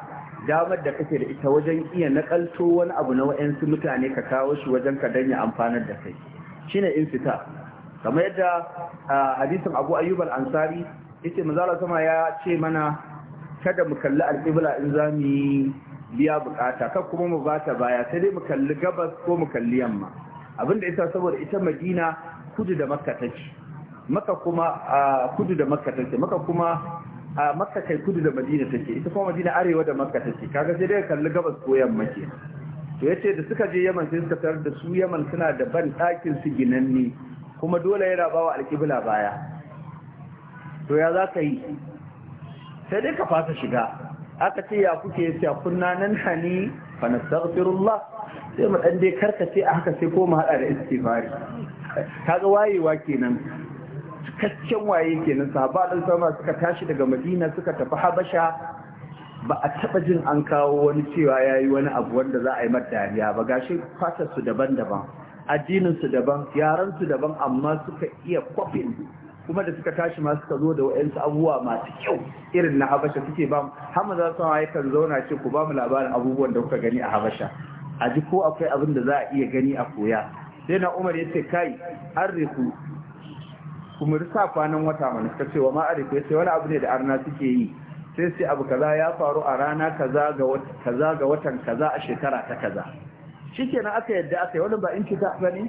damar da kake da ita wajen iya nakalto wani abu na wa'yansu mutane ka kawo shi wajen ka danya amfanar da kai shine in fita kamar yadda hadisin abu ayyub ansari yace manzala sama ya ce mana kada mu kalli alƙibla in za mu yi biya bukata kan kuma mu bata baya sai dai mu kalli gabas ko mu kalli yamma abinda ita saboda ita madina kudu da makka take maka kuma kudu da makka maka kuma a makka kai kudu da madina take ita kuma madina arewa da makka take kaga sai dai kalli gabas ko yamma ke to yace da suka je yaman sai suka tar da su yaman suna da ban ɗakin su ginanne kuma dole yana bawa alƙibla baya to ya za ka yi sai dai ka fasa shiga aka ce ya kuke ya kunna nan hani fa nastaghfirullah sai mu dan dai karkace a haka sai ko mu hada da istighfari kaga wayewa kenan cikakken waye kenan ba dan sama suka tashi daga madina suka tafi habasha ba a taba jin an kawo wani cewa yayi wani abu wanda za a yi madariya dariya ba gashi fatar su daban-daban addinin su daban yaran su daban amma suka iya kwafin kuma da suka tashi ma suka zo da wa'yansu abubuwa masu kyau irin na habasha suke ba hamza sun kan zauna ce ku ba mu labarin abubuwan da kuka gani a habasha a ji ko akwai abin da za a iya gani a koya sai na umar ya ce kai an kuma sa kwanan wata mana suka ce wa ma'arifa ya ce wani abu ne da arna suke yi sai sai abu kaza ya faru a rana kaza ga watan kaza a shekara ta kaza shikenan aka yadda aka yi wani ba in ba bane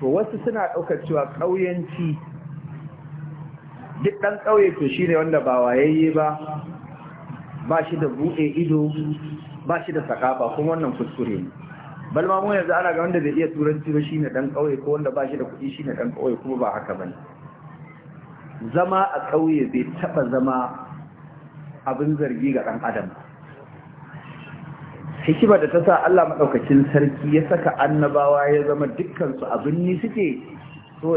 to wasu suna daukar cewa kauyanci duk dan kauye to shine wanda ba wayayye ba ba shi da bude ido ba shi da sakafa kuma wannan kuskure ne balma mu yanzu ana ga wanda bai iya turanci ba shine dan kauye ko wanda ba shi da kuɗi shine dan kauye kuma ba haka bane zama a ƙauye bai taɓa zama abin zargi ga ɗan adam Hikima da ta sa Allah maɗaukacin sarki ya saka annabawa ya zama dukkansu a binni suke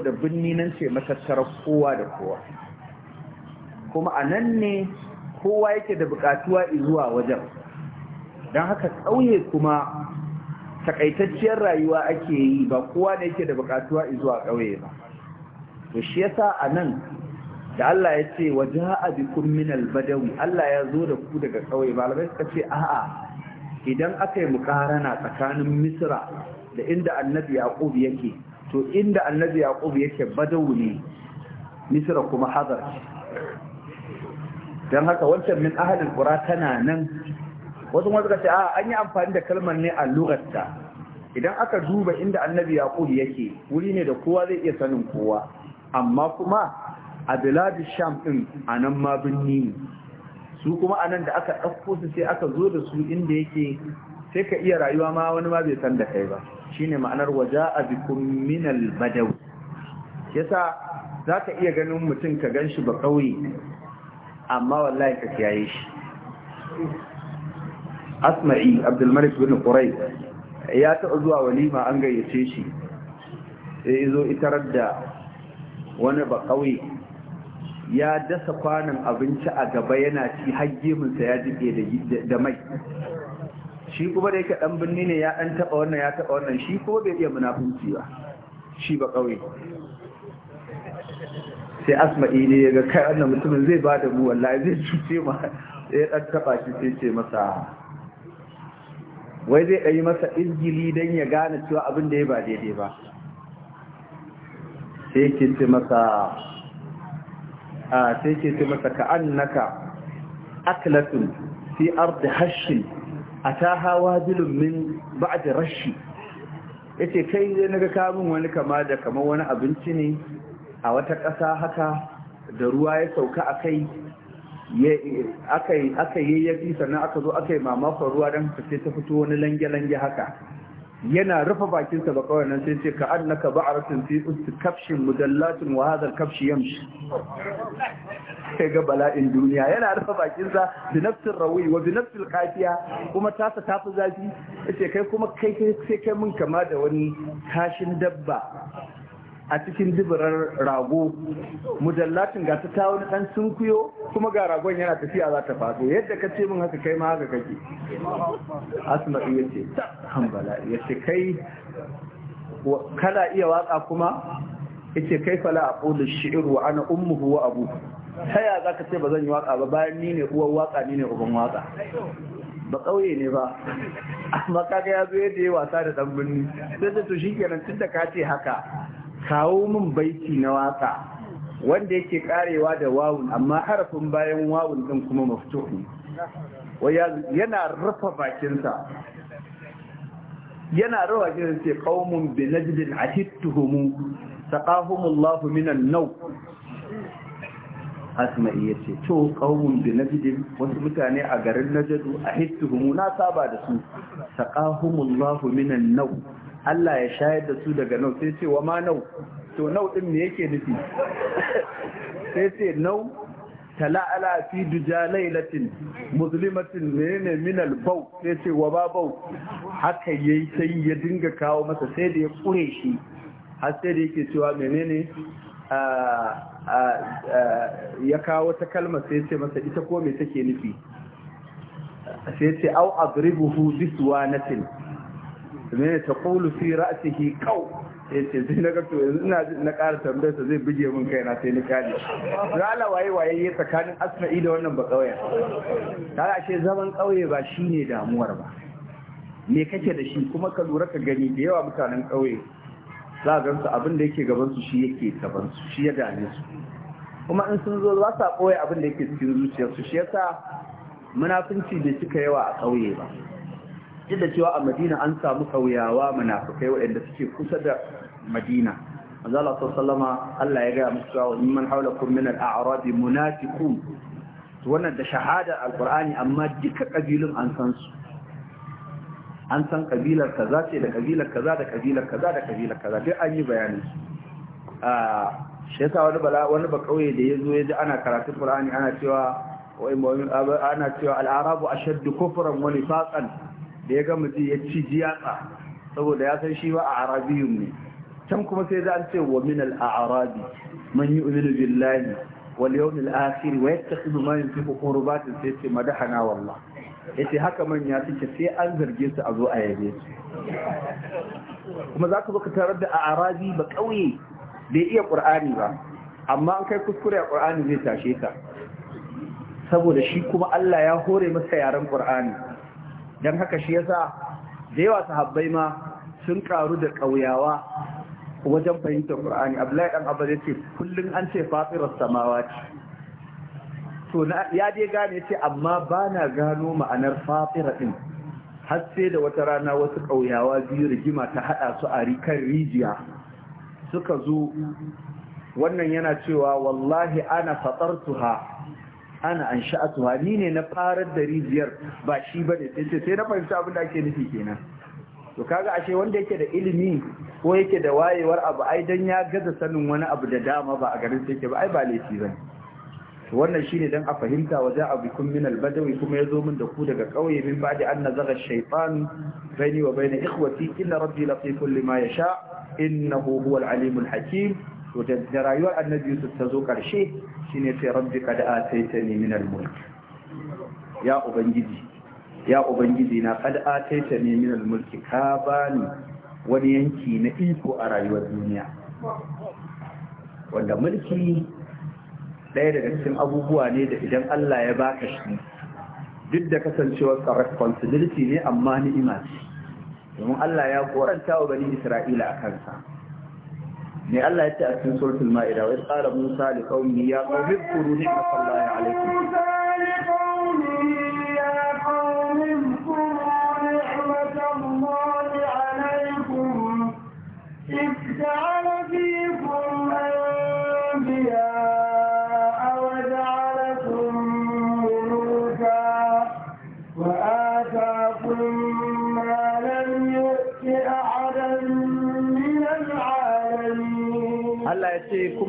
da binni nan ce matattara kowa da kowa kuma a nan ne kowa yake da buƙatuwa zuwa wajen don haka ƙauye kuma takaitacciyar rayuwa ake yi ba kowa da yake da buƙatuwa zuwa ƙauye ba to shi yasa a nan da Allah ya ce wa ja'a bikum min al-badawi Allah ya zo da ku daga kauye malamai suka ce a'a idan aka yi mukarana tsakanin Misra da inda Annabi Yaqub yake to inda Annabi Yaqub yake badawu ne Misra kuma hadar dan haka wancan min ahalin qura tana nan wasu wanda suka ce a'a an yi amfani da kalmar ne a lugarta. idan aka duba inda Annabi Yaqub yake wuri ne da kowa zai iya sanin kowa amma kuma a biladi sham ɗin a nan ma birni su kuma a nan da aka ɗauko su sai aka zo da su inda yake sai ka iya rayuwa ma wani ma bai san da kai ba shine ma'anar waje a bikin minal badawi yasa za ka iya ganin mutum ka gan shi ba ƙauye amma wallahi ka kiyaye shi asma'i abdulmalik bin qurai ya taɓa zuwa walima an gayyace shi sai izo itarar da wani ba ƙauye ya dasa kwanan abinci a gaba yana ci har gemunsa ya jike da mai shi kuma da yake dan binni ne ya dan taba wannan ya taba wannan shi ko bai iya munafunci ba shi ba kauye sai asma'i ne ya ga kai wannan mutumin zai ba da mu wallahi zai cuce ma Sai dan taba shi sai ce masa wai zai dai masa izgili dan ya gane cewa abin da ya ba daidai ba sai yake ce masa a sai ke ce masa ka naka aklatun fi ardi hashin hawa wabilun min da rashi yace kai zai naga kamun wani kama da kama wani abinci ne a wata ƙasa haka da ruwa ya sauka a kai, aka yi sannan aka zo aka yi mamakon ruwa don sai ta fito wani lange-lange haka yana rufe bakinsa ba kawai nan sai ce ka annaka ba'aratun fi usti kafshin mujallatun wa hadha kafshi yamshi sai ga bala'in duniya yana rufe bakinsa bi nafsin rawi wa bi nafsil kuma tasa tafi zafi yace kai kuma kai sai kai mun kama da wani kashin dabba a cikin dubarar rago mujallatin ga ta tawo dan sunkuyo kuma ga ragon yana tafiya za ta faɗo yadda ka ce min haka kai ma haka kake asma iya ce hambala ya ce kai kana iya waka kuma yace kai fala aqulu shi'r wa ana ummuhu wa abu ta ya zaka ce bazan yi waka ba bayan ni ne uwar waka ni ne uban waka ba kauye ne ba amma kaga ya zo yadda ya wasa da dan birni sai da to shikenan tunda ka ce haka kawo min baiti na waka wanda yake karewa da wawun amma harafin bayan wawun din kuma maftuh yana rufa bakinsa yana rawa jin sai qaumun bi najdin atittuhum saqahumullahu minan naw asma'i yace to qaumun bi najdin wasu mutane a garin a ahittuhum na saba da su saqahumullahu minan naw Allah ya shayar da su daga nau sai ce wa ma nau to nau din me yake nufi <laughs> sai ce nau tala'ala fi duja lailatin muslimatin menene min bau? sai ce wa ba bau haka yayi sai ya dinga kawo masa sai da ya kure shi har sai da yake cewa menene ya kawo ta kalma sai ce masa ita ko me take nufi sai ce au adribuhu biswanatin ne ta qawlu fi ra'sihi qaw ce sai na gato yanzu ina na ƙara tambayar sa zai buge min na, sai ni kali la waye waye ya tsakanin asma'i da wannan ba kauye tare ashe zaman kauye ba shine damuwar ba me kake da shi kuma ka lura ka gani da yawa mutanen kauye za a gansu abin da yake gaban su shi yake gaban su shi ya dame su kuma in sun zo za su koya abin da yake cikin zuciyarsu shi yasa munafunci bai cika yawa a kauye ba duk da cewa a madina an samu kauyawa munafukai waɗanda suke kusa da madina manzo Allah sallama Allah ya gaya musu cewa in man haulakum min al-a'rab munafiqun to wannan da shahada alqur'ani amma duka kabilun an san su an san kabilar kaza ce da kabilar kaza da kabilar kaza da kabilar kaza duk an yi bayanin su a shi yasa wani bala wani ba kauye da yazo yaji ana karatun qur'ani ana cewa wa ana cewa al-arabu ashaddu kufran wa nifaqan da ya gama ji ya ci jiyatsa saboda ya san shi ba a arabiyun ne can kuma sai za a ce wa min al'arabi man yi yu'minu billahi wal yawmil akhir wa yattakhidhu ma yunfiqu qurbatin sai ce madahana wallah yace haka manya suke sai an zarge su a zo a yabe su kuma za ka zo ka tarar da a'rabi ba ƙauye bai iya ƙur'ani ba amma an kai kuskure a ƙur'ani zai tashe ka saboda shi kuma Allah ya hore masa yaren ƙur'ani. don haka shi yasa da yawa sahabbai ma sun karu da ƙauyawa wajen fahimtar Qur'ani Abdullahi dan Abba yace kullun an ce fatirar samawati to ya dai gane yace amma bana gano ma'anar fatira din har sai da wata rana wasu ƙauyawa biyu rigima ta hada su a rikan rijiya suka zo wannan yana cewa wallahi ana fatartuha ana an sha'atuwa ni ne na farar da rijiyar ba shi ba ne sai sai na fahimci abin da ake nufi kenan to kaga ashe wanda yake da ilimi ko yake da wayewar abu ai dan ya gaza sanin wani abu da dama ba a garin yake ba ai ba laifi ba wannan shine dan a fahimta waje abikum min albadawi kuma yazo min da ku daga kauye min ba'di an nazaga shaytan baini wa baina ikhwati inna rabbi ya lima yasha innahu huwal alimul hakim to da rayuwar annabi yusuf ta zo ƙarshe shi ne sai rabbi kad ataitani min al-mulk ya ubangiji ya ubangiji na kad ta min al mulki ka bani wani yanki na iko a rayuwar duniya wanda mulki ɗaya daga cikin abubuwa ne da idan Allah ya baka shi duk da kasancewar responsibility ne amma ni'ima ce domin Allah ya koranta wa bani Isra'ila a kansa ne Allah ya ce a cikin suratul ma'ida wa qala musa liqaumi ya qaumi kuru ni'matallahi alaykum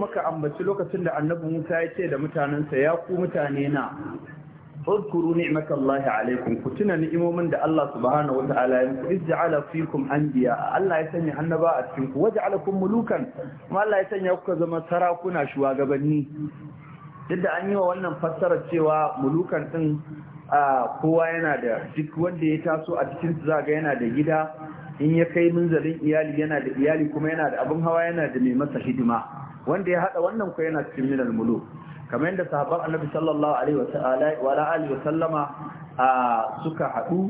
muka ambaci lokacin da annabi Musa ya ce da mutanensa ya ku mutane na Uzkuru ni'mat Allah alaikum ku tuna ni'imomin da Allah subhanahu wata'ala ya muku izja'ala fikum anbiya Allah ya sanya annaba a cikin ku waj'alakum mulukan kuma Allah ya sanya ku zama sarakuna shugabanni duk da an yi wa wannan fassarar cewa mulukan din kowa yana da duk wanda ya taso a cikin su zaga yana da gida in ya kai munzalin iyali yana da iyali kuma yana da abin hawa yana da mai masa hidima wanda ya hada wannan ku yana cikin minal mulu. kamar yadda sahabban annabi sallallahu alaihi wa alihi wa sallama suka hadu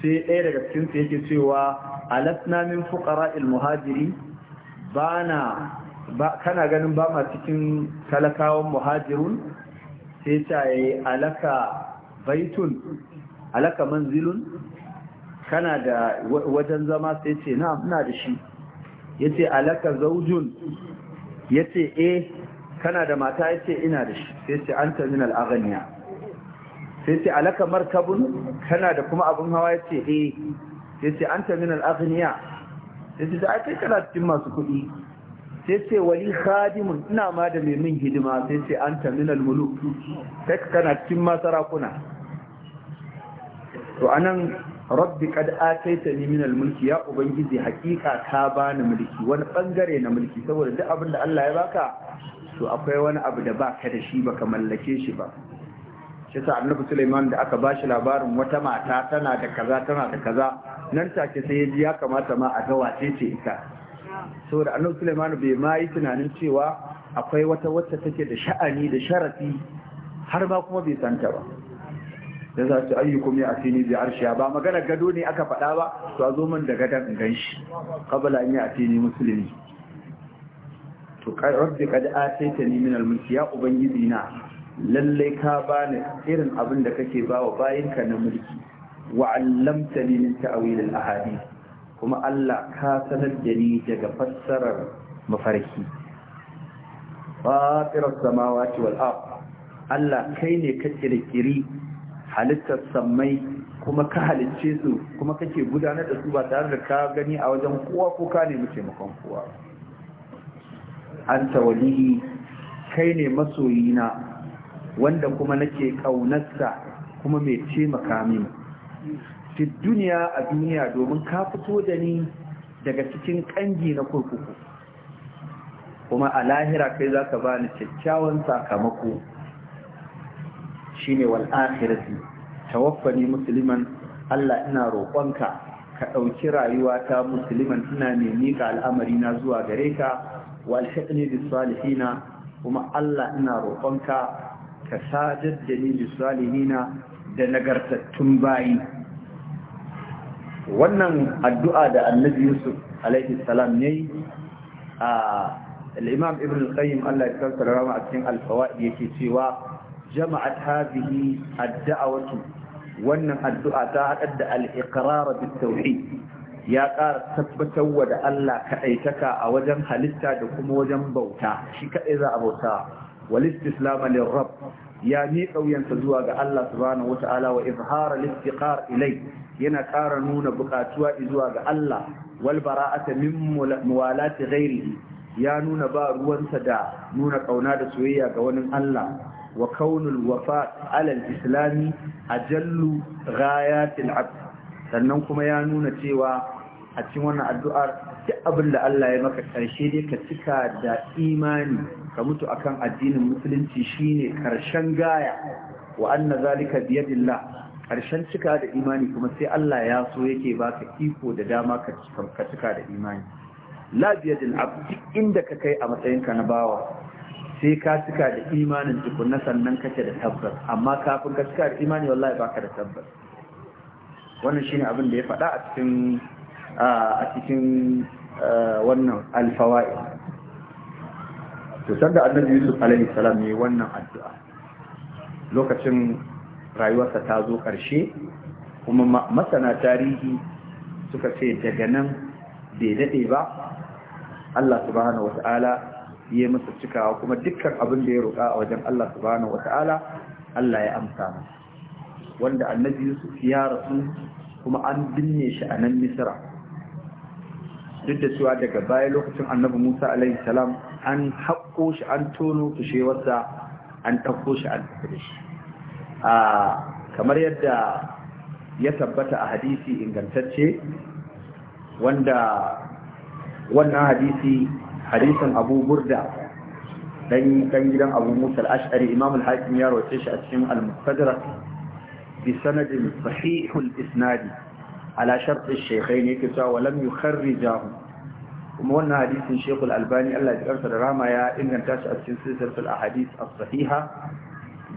sai ɗaya daga cikin su yake cewa alasna min al muhajiri bana ba kana ganin ba ma cikin talakawan muhajirun sai ta yi alaka baitun alaka manzilun kana da wajen zama sai ce na ina da shi yace alaka zaujun ya ce eh kana da mata ya ce ina da shi sai ce an tamin al'aganiya sai ce alaka markabun kana da kuma abin hawa ya ce eh sai ce an tamin al'aganiya sai ce da kana cikin masu kuɗi sai ce wali khadimun ina ma da mai min hidima sai ce an tamin al-muluk sai kana cikin masarakuna to anan rabbi kad ataita ni min mulki ya ubangiji hakika ka bani mulki wani bangare na mulki saboda duk abin da Allah ya baka to akwai wani abu da baka da shi baka mallake shi ba shi sa annabi Sulaiman da aka bashi labarin wata mata tana da kaza tana da kaza nan take sai ya kamata ma a ga wace ce ita saboda annabi Sulaiman bai ma yi tunanin cewa akwai wata wacce take da sha'ani da sharafi har ba kuma bai santa ba da za su ayyukum ya bai bi arshiya ba magana gado ne aka faɗa ba to a zo da gadan in ganshi qabla an ya atini muslimi to kai rabbi kad ataitani min al ya ubangiji na lalle ka bani irin abin da kake bawa bayinka na mulki wa 'allamtani min ta'wil al kuma Allah ka sanar da ni daga fassarar mafarki fatirar samawati wal ard Allah kai ne ka kirkiri halittar sammai kuma ka halicce su kuma kake gudanar da su ba tare da ka gani a wajen kowa ko ka nemi taimakon kowa anta walihi kai ne masoyina wanda kuma nake kaunarsa kuma mai taimaka min. fi duniya a duniya domin ka fito da ni daga cikin kangi na kurkuku kuma a lahira kai za ka ba ni kyakkyawan sakamako shine wal akhirati tawaffani Musulman, Allah ina roƙonka ka ɗauki rayuwata Musulman ina mai miƙa al'amari na zuwa gare ka wa alhiqni salihina kuma Allah ina roƙonka ka sadar da ni bis salihina da nagartattun bayi wannan addu'a da annabi Yusuf alaihi salam ne a al ibn Allah ya tsara a cikin al yake cewa jama'at hadhihi ad wannan addu'a ta haɗar da al-iqrar bit-tauhid ya ƙara tabbatar wa da Allah kaɗaitaka a wajen halitta da kuma wajen bauta shi kaɗai za a bauta walistislama lirrab ya ne ƙauyensa zuwa ga Allah subhanahu wata'ala wa izhara listiqar ilai yana ƙara nuna buƙatuwa zuwa ga Allah wal bara'ata min muwalati ghairihi ya nuna ba ruwansa da nuna ƙauna da soyayya ga wani Allah wa kaunul alal islami ajallu ghayatil abd sannan kuma ya nuna cewa a cikin wannan addu'ar duk abin da Allah ya maka karshe dai ka cika da imani ka mutu akan addinin musulunci shine karshen gaya wa anna zalika biyadillah karshen cika da imani kuma sai Allah ya so yake baka iko da dama ka cika da imani la biyadil abd inda ka kai a matsayinka na bawa sai ka cika da imanin tukunna sannan kake da tabbas amma kafin ka cika da imani wallahi baka da tabbas wannan shine abin da ya faɗa a cikin a cikin wannan alfawai to sanda annabi Yusuf alaihi salam ne wannan addu'a lokacin rayuwarsa ta zo ƙarshe kuma masana tarihi suka ce daga nan bai daɗe ba Allah subhanahu wata'ala ya masa cikawa kuma dukkan abin da ya roƙa a wajen Allah subhanahu wata'ala Allah ya amsa masa wanda annabi Yusuf ya rasu kuma an binne shi a nan Misra duk da cewa daga baya lokacin annabi Musa alaihi salam an haƙo shi an tono kushewarsa an ɗauko shi an tafi da shi a kamar yadda ya tabbata a hadisi ingantacce wanda wannan hadisi hadisin abu burda dan dan gidan abu musa al-ash'ari imam al-hakim ya rawace shi a cikin al-mustadrak bi sanadin sahih al-isnad ala shart al-shaykhain yake cewa wa lam yukharrijahu kuma wannan hadisin shaykh al-albani Allah ya karsa da rama ya inganta shi a cikin silsilar al-ahadith as-sahiha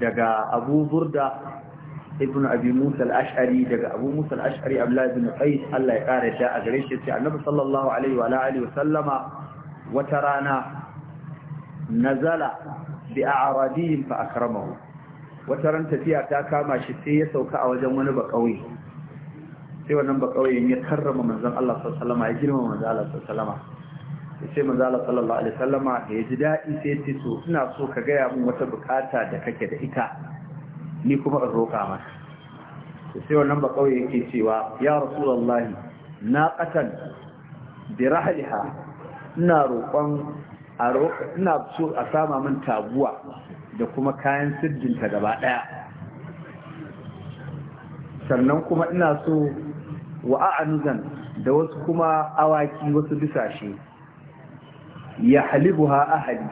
daga abu burda ibn abi musa al-ash'ari daga abu musa al-ash'ari abu ibn qais Allah ya kare shi a gare shi sai annabi sallallahu alaihi wa alihi wa sallama wata rana nazala bi a'radihim fa akramahu wata ran tafiya ta kama shi sai ya sauka a wajen wani bakauye sai wannan bakauyen ya karrama manzan Allah sallallahu alaihi wasallam ya girma manzon Allah sallallahu alaihi wasallam sai manzala sallallahu alaihi sallama da ya ji daɗi sai ce so ina so ka gaya min wata bukata da kake da ita ni kuma in roƙa maka sai wannan ba kauye yake cewa ya rasulullahi naqatan bi rahliha ina roƙon ina so a sama min taguwa da kuma kayan sirjinta gaba ɗaya sannan kuma ina so wa a'anuzan da wasu kuma awaki wasu bisashe ya halibu ha ahali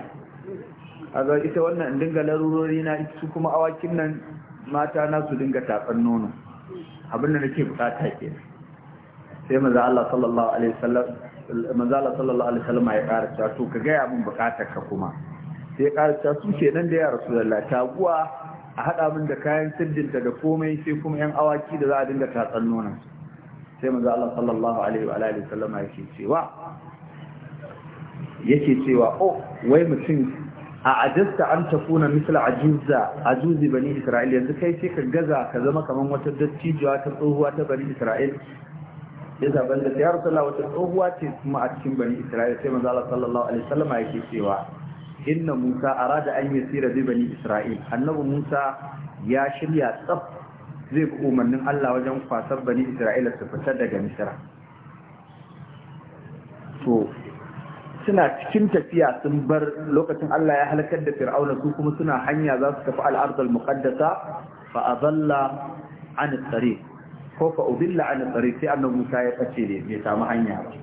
a zai ita wannan in dinga larurori na su kuma awakin nan mata na su dinga tafan nono abin da nake bukata ke sai maza Allah sallallahu alaihi wasallam manzala sallallahu alaihi wasallam ya ƙara cewa to ka gaya min buƙatar ka kuma sai ya ƙara cewa su kenan da ya rasulullah taguwa a haɗa min da kayan sirdinta da komai sai kuma yan awaki da za a dinga tatsan nonon sai manzo Allah sallallahu alaihi wa alihi wasallam yake cewa yake cewa oh wai mutum a ajasta an takuna misla ajuza ajuzi bani isra'il yanzu kai sai ka gaza ka zama kaman wata dattijuwa ta tsohuwa ta bani isra'il ya zaban da ya rasu wata tsohuwa ce kuma a cikin bani isra'ila sai manzo Allah sallallahu alaihi wasallam yake cewa inna musa arada an yasira bi bani isra'il annabi musa ya shirya tsaf zai bi umarnin Allah wajen kwasar bani isra'ila su fita daga misra to suna cikin tafiya sun bar lokacin Allah ya halakar da fir'auna su kuma suna hanya za su tafi al'ardul muqaddasa fa azalla an tsariq ko fa udilla an tsari sai annabi Musa ya kace ne bai samu hanya ba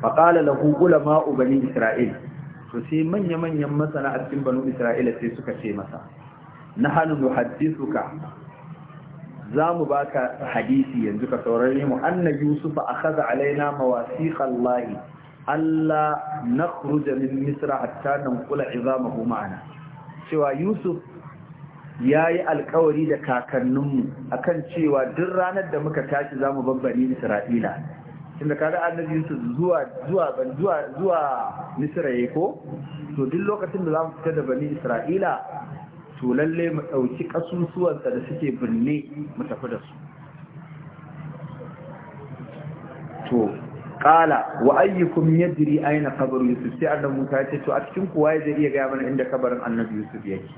fa qala lahu ulama bani isra'il to sai manya manyan masana a cikin banu isra'ila sai suka ce masa nahanu nuhaddithuka za mu baka hadisi yanzu ka saurare mu anna yusuf akhadha alaina mawasiqan lahi alla nakhruja min misra hatta nanqula izamahu ma'ana cewa yusuf ya yi alkawari da kakanninmu akan cewa duk ranar da muka tashi za mu babbani isra'ila tunda kaga annabi yusuf zuwa zuwa ban zuwa zuwa misra ko to duk lokacin da za mu fita da bani isra'ila to lalle mu ɗauki ƙasusuwansa da suke binne mu tafi da su to ƙala wa ayyukum yadri aina qabru yusuf sai annabi musa ya ce to a cikin kuwa zai iya gaya mana inda kabarin annabi yusuf yake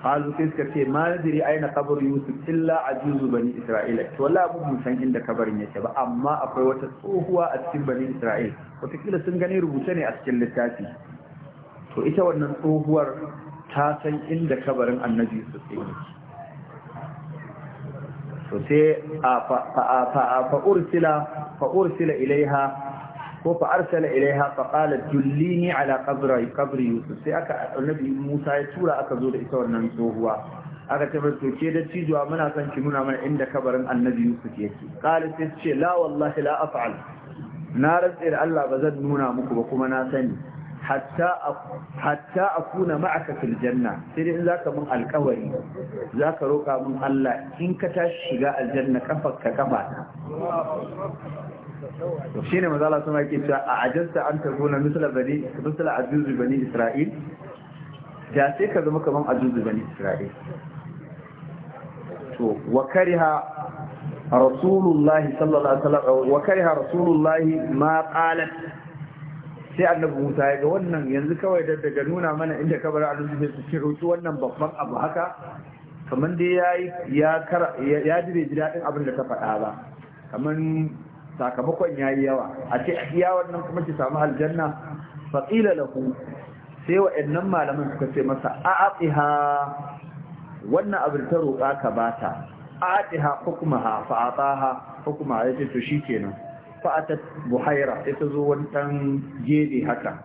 qalu sai suka ce ma nadri aina qabr yusuf illa ajuzu bani isra'ila to wallahi abu mun san inda kabarin yake ba amma akwai wata tsohuwa a cikin bani isra'il wataƙila sun gani rubuce ne a cikin littafi to ita wannan tsohuwar ta san inda kabarin annabi yusuf yake to sai a fa ursila ilaiha ko fa arsala ilaiha fa qala dullini ala qabri qabri yusuf sai aka annabi Musa ya tura aka zo da ita wannan tsohuwa aka ce mata ke da cijuwa muna son ki nuna mana inda kabarin annabi Yusuf yake qala sai ce la wallahi la af'al na rantsa da Allah ba zan nuna muku ba kuma na sani hatta a kuna ma'aka fil janna sai dai in zaka mun alkawari zaka roka mun Allah in ka tashi shiga aljanna kafar ka kafa ta shine mazala suna ke cewa a ajasta an taguna na bani misla ajuzu bani isra'il da sai ka zama kamar ajuzu bani isra'il to wa kariha rasulullahi sallallahu alaihi wasallam wa kariha rasulullahi ma qala sai annabi Musa ya ga wannan yanzu kawai daga nuna mana inda kabar annabi sai su ci wannan babban abu haka kamar dai ya ya ya dire ji abin da ta faɗa ba kamar sakamakon ya yi yawa a ce iya wannan kuma ki samu aljanna faqila lahu sai waɗannan malaman suka ce masa a'atiha wannan abin ta roƙa ka bata a'atiha hukmaha fa ataha hukma yace to shikenan fa atat buhaira sai ta zo wani gede haka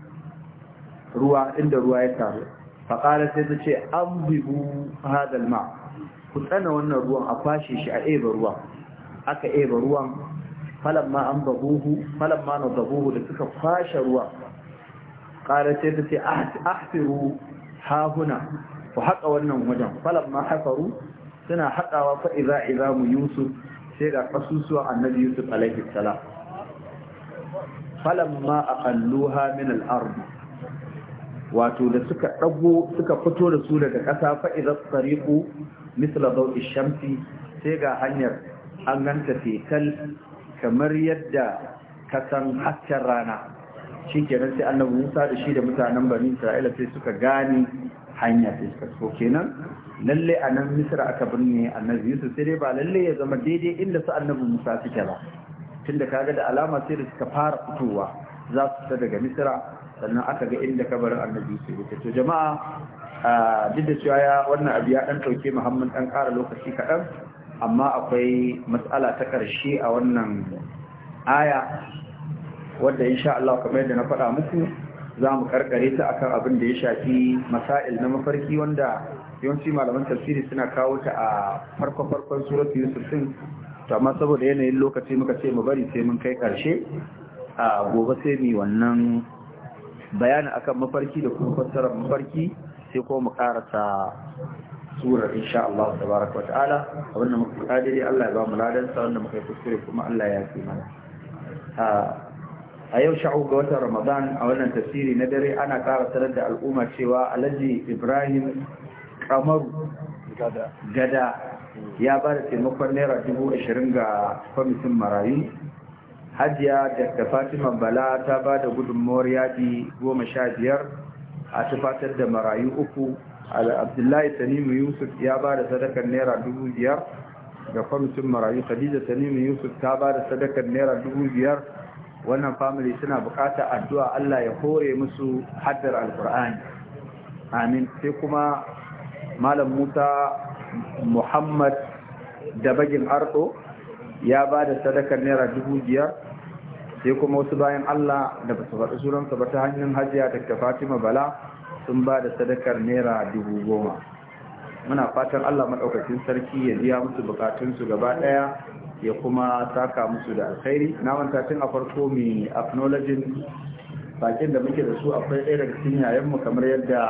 ruwa inda ruwa ya taru fa qala sai ta ce ambihu hadal ma ku tsana wannan ruwan a kwashe shi a eba ruwan aka eba ruwan falamma an babuhu falamma na babuhu da suka kwashe ruwa ƙara sai ta ce ah, ahsiru hahuna ku haƙa wannan wajen falamma haifaru suna haƙawa fa'iza iza mu yusuf sai ga ƙasusuwa annabi yusuf alaihi salam falamma aqalluha min al wato da suka suka fito da su daga ƙasa fa idza tariqu misla shamsi sai ga hanyar an ganta fetal kamar yadda ka san hasken rana shi kenan sai annabi musa da shi da mutanen bani isra'ila sai suka gane hanya sai suka so kenan lalle a nan misra aka binne annabi yusuf sai dai ba lalle ya zama daidai inda su annabi musa suke ba tunda kaga da alama sai da suka fara fitowa za su fita daga misra sannan aka ga inda kabarin annabi yusuf yake to jama'a duk da cewa wannan abu ya dan dauke muhammad dan kara lokaci kaɗan amma akwai matsala ta ƙarshe a wannan aya wadda insha Allah kamar yadda na faɗa muku za mu karkare ta akan abin da ya shafi masail na mafarki wanda yawanci malaman tafsiri suna kawo ta a farko-farkon suratu yusuf din to amma saboda yanayin lokaci muka ce mu bari sai mun kai ƙarshe a gobe sai mu wannan bayani akan mafarki da kuma fassarar mafarki sai kuma mu karasa surar insha Allah tabaraka wa ta'ala abin da muka Allah ya ba mu ladan sa muka kuskure kuma Allah ya yi mana a yau sha'u ga watan Ramadan a wannan tafsiri na dare ana kara sanar da al'umma cewa Alhaji Ibrahim kamar Gada ya ba da taimakon naira dubu ashirin ga kwamitin marayu hajiya da fatima bala ta ba da gudunmawar yadi goma sha biyar a tufatar da marayu uku abdullahi tanimu yusuf ya ba da sadakar naira dubu biyar ga kwamitin marayu khadija tanimu yusuf ta ba da sadakar naira dubu biyar wannan family suna bukatar addu'a allah ya hore musu haddar alkur'ani amin sai kuma malam musa muhammad da bagin Arɗo ya ba da sadakar naira dubu biyar sai kuma wasu bayan allah da ba su faɗi sunansa ba ta hanyar hajiya da fatima bala sun ba da sadakar naira dubu goma muna fatan allah maɗaukacin sarki ya biya musu bukatunsu gaba ɗaya ya kuma saka musu da alkhairi na wanta tun a farko mai acknowledging bakin da muke da su akwai ɗaya daga cikin yayanmu kamar yadda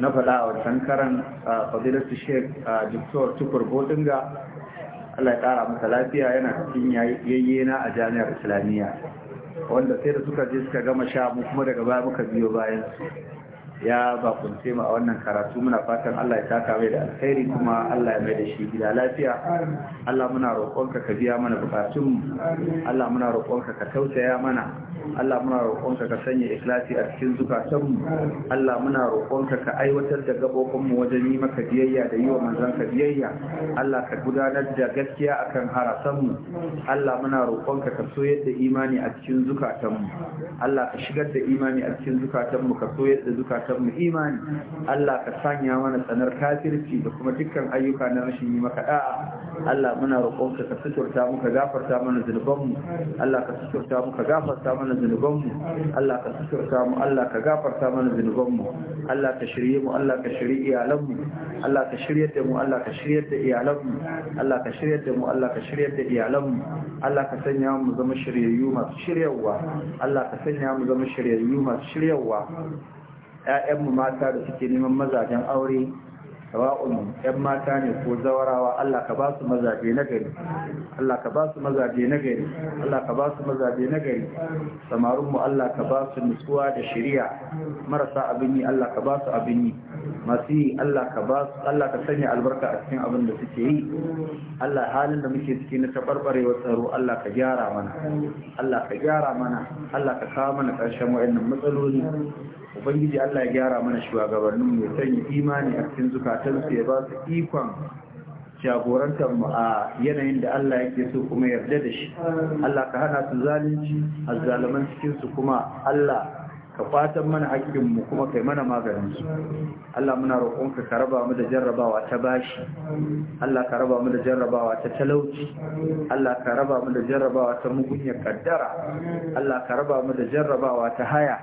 na faɗa a wancan karan fadilatu sheik diktor tukur bodinga allah ya ƙara masa lafiya yana cikin yayye na a jami'ar islamiyya wanda sai da suka je suka gama sha mu kuma daga baya muka biyo bayan su ya bakunce mu a wannan karatu muna fatan Allah ya taka mai da alkhairi kuma Allah ya mai da shi gida lafiya Allah muna roƙonka ka biya mana bukatun Allah muna roƙonka ka tausaya mana Allah muna roƙonka ka sanya ikhlasi a cikin zukatanmu Allah muna roƙonka ka aiwatar da gabokanmu wajen yi maka biyayya da yi wa manzon ka biyayya Allah ka gudanar da gaskiya akan harasanmu Allah muna roƙonka ka soyar da imani a cikin zukatanmu Allah ka shigar da imani a cikin zukatanmu ka soyar da zukatanmu imani Allah ka sanya mana tsanar kafirci da kuma dukkan ayyuka na rashin yi maka da'a Allah muna roƙonka ka suturta mu ka gafarta mana zunubanmu Allah ka suturta mu ka gafarta mana zunubanmu Allah ka suturta mu Allah ka gafarta mana zunubanmu Allah ka shirye mu Allah ka shirye iyalanmu Allah ka shirye da mu Allah ka shirye da iyalanmu Allah ka shirye da mu Allah ka shirye da iyalanmu Allah ka sanya mu zama shiryayyu masu shiryawa Allah ka sanya mu zama shiryayyu masu shiryawa ƴaƴanmu mata da suke neman mazajen aure sawa'un ƴan mata ne ko zawarawa Allah ka ba su mazaje na gari Allah ka ba su mazaje na gari Allah ka ba su mazaje na gari samarun mu Allah ka ba su nutsuwa da shari'a marasa abin yi Allah ka ba su abin yi masu yi Allah ka ba su Allah ka sanya albarka a cikin abin da suke yi Allah halin da muke ciki na tabarbarewa tsaro Allah ka gyara mana Allah ka gyara mana Allah ka kawo mana ƙarshen wayannan matsaloli ubangiji Allah ya gyara mana shugabannin mu ya sanya imani a cikin zukata zukatansu ya ba su ikon jagorantar mu a yanayin da Allah yake so kuma yarda da shi Allah ka hana su zalunci azzaluman cikin su kuma Allah ka kwatan mana haƙƙinmu kuma kai mana maganinsu Allah muna roƙonka ka raba mu da jarrabawa ta bashi Allah ka raba mu da jarrabawa ta talauci Allah ka raba mu da jarrabawa ta mugunyar kaddara Allah ka raba mu da jarrabawa ta haya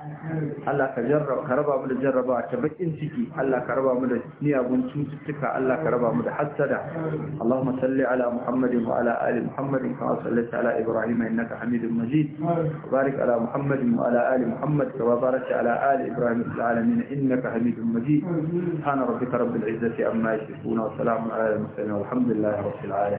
Allah ka raba mu da jarrabawa ta bakin ciki Allah ka raba mu da miyagun cututtuka Allah ka raba mu da hassada Allahumma salli ala Muhammadin wa ala ali Muhammadin kama sallaita ala Ibrahim innaka Hamidum Majid barik ala Muhammadin wa ala ali Muhammad kama وبارك على آل إبراهيم في العالمين إنك حميد مجيد سبحان ربك رب العزة عما يشركون وسلام على المرسلين والحمد لله رب العالمين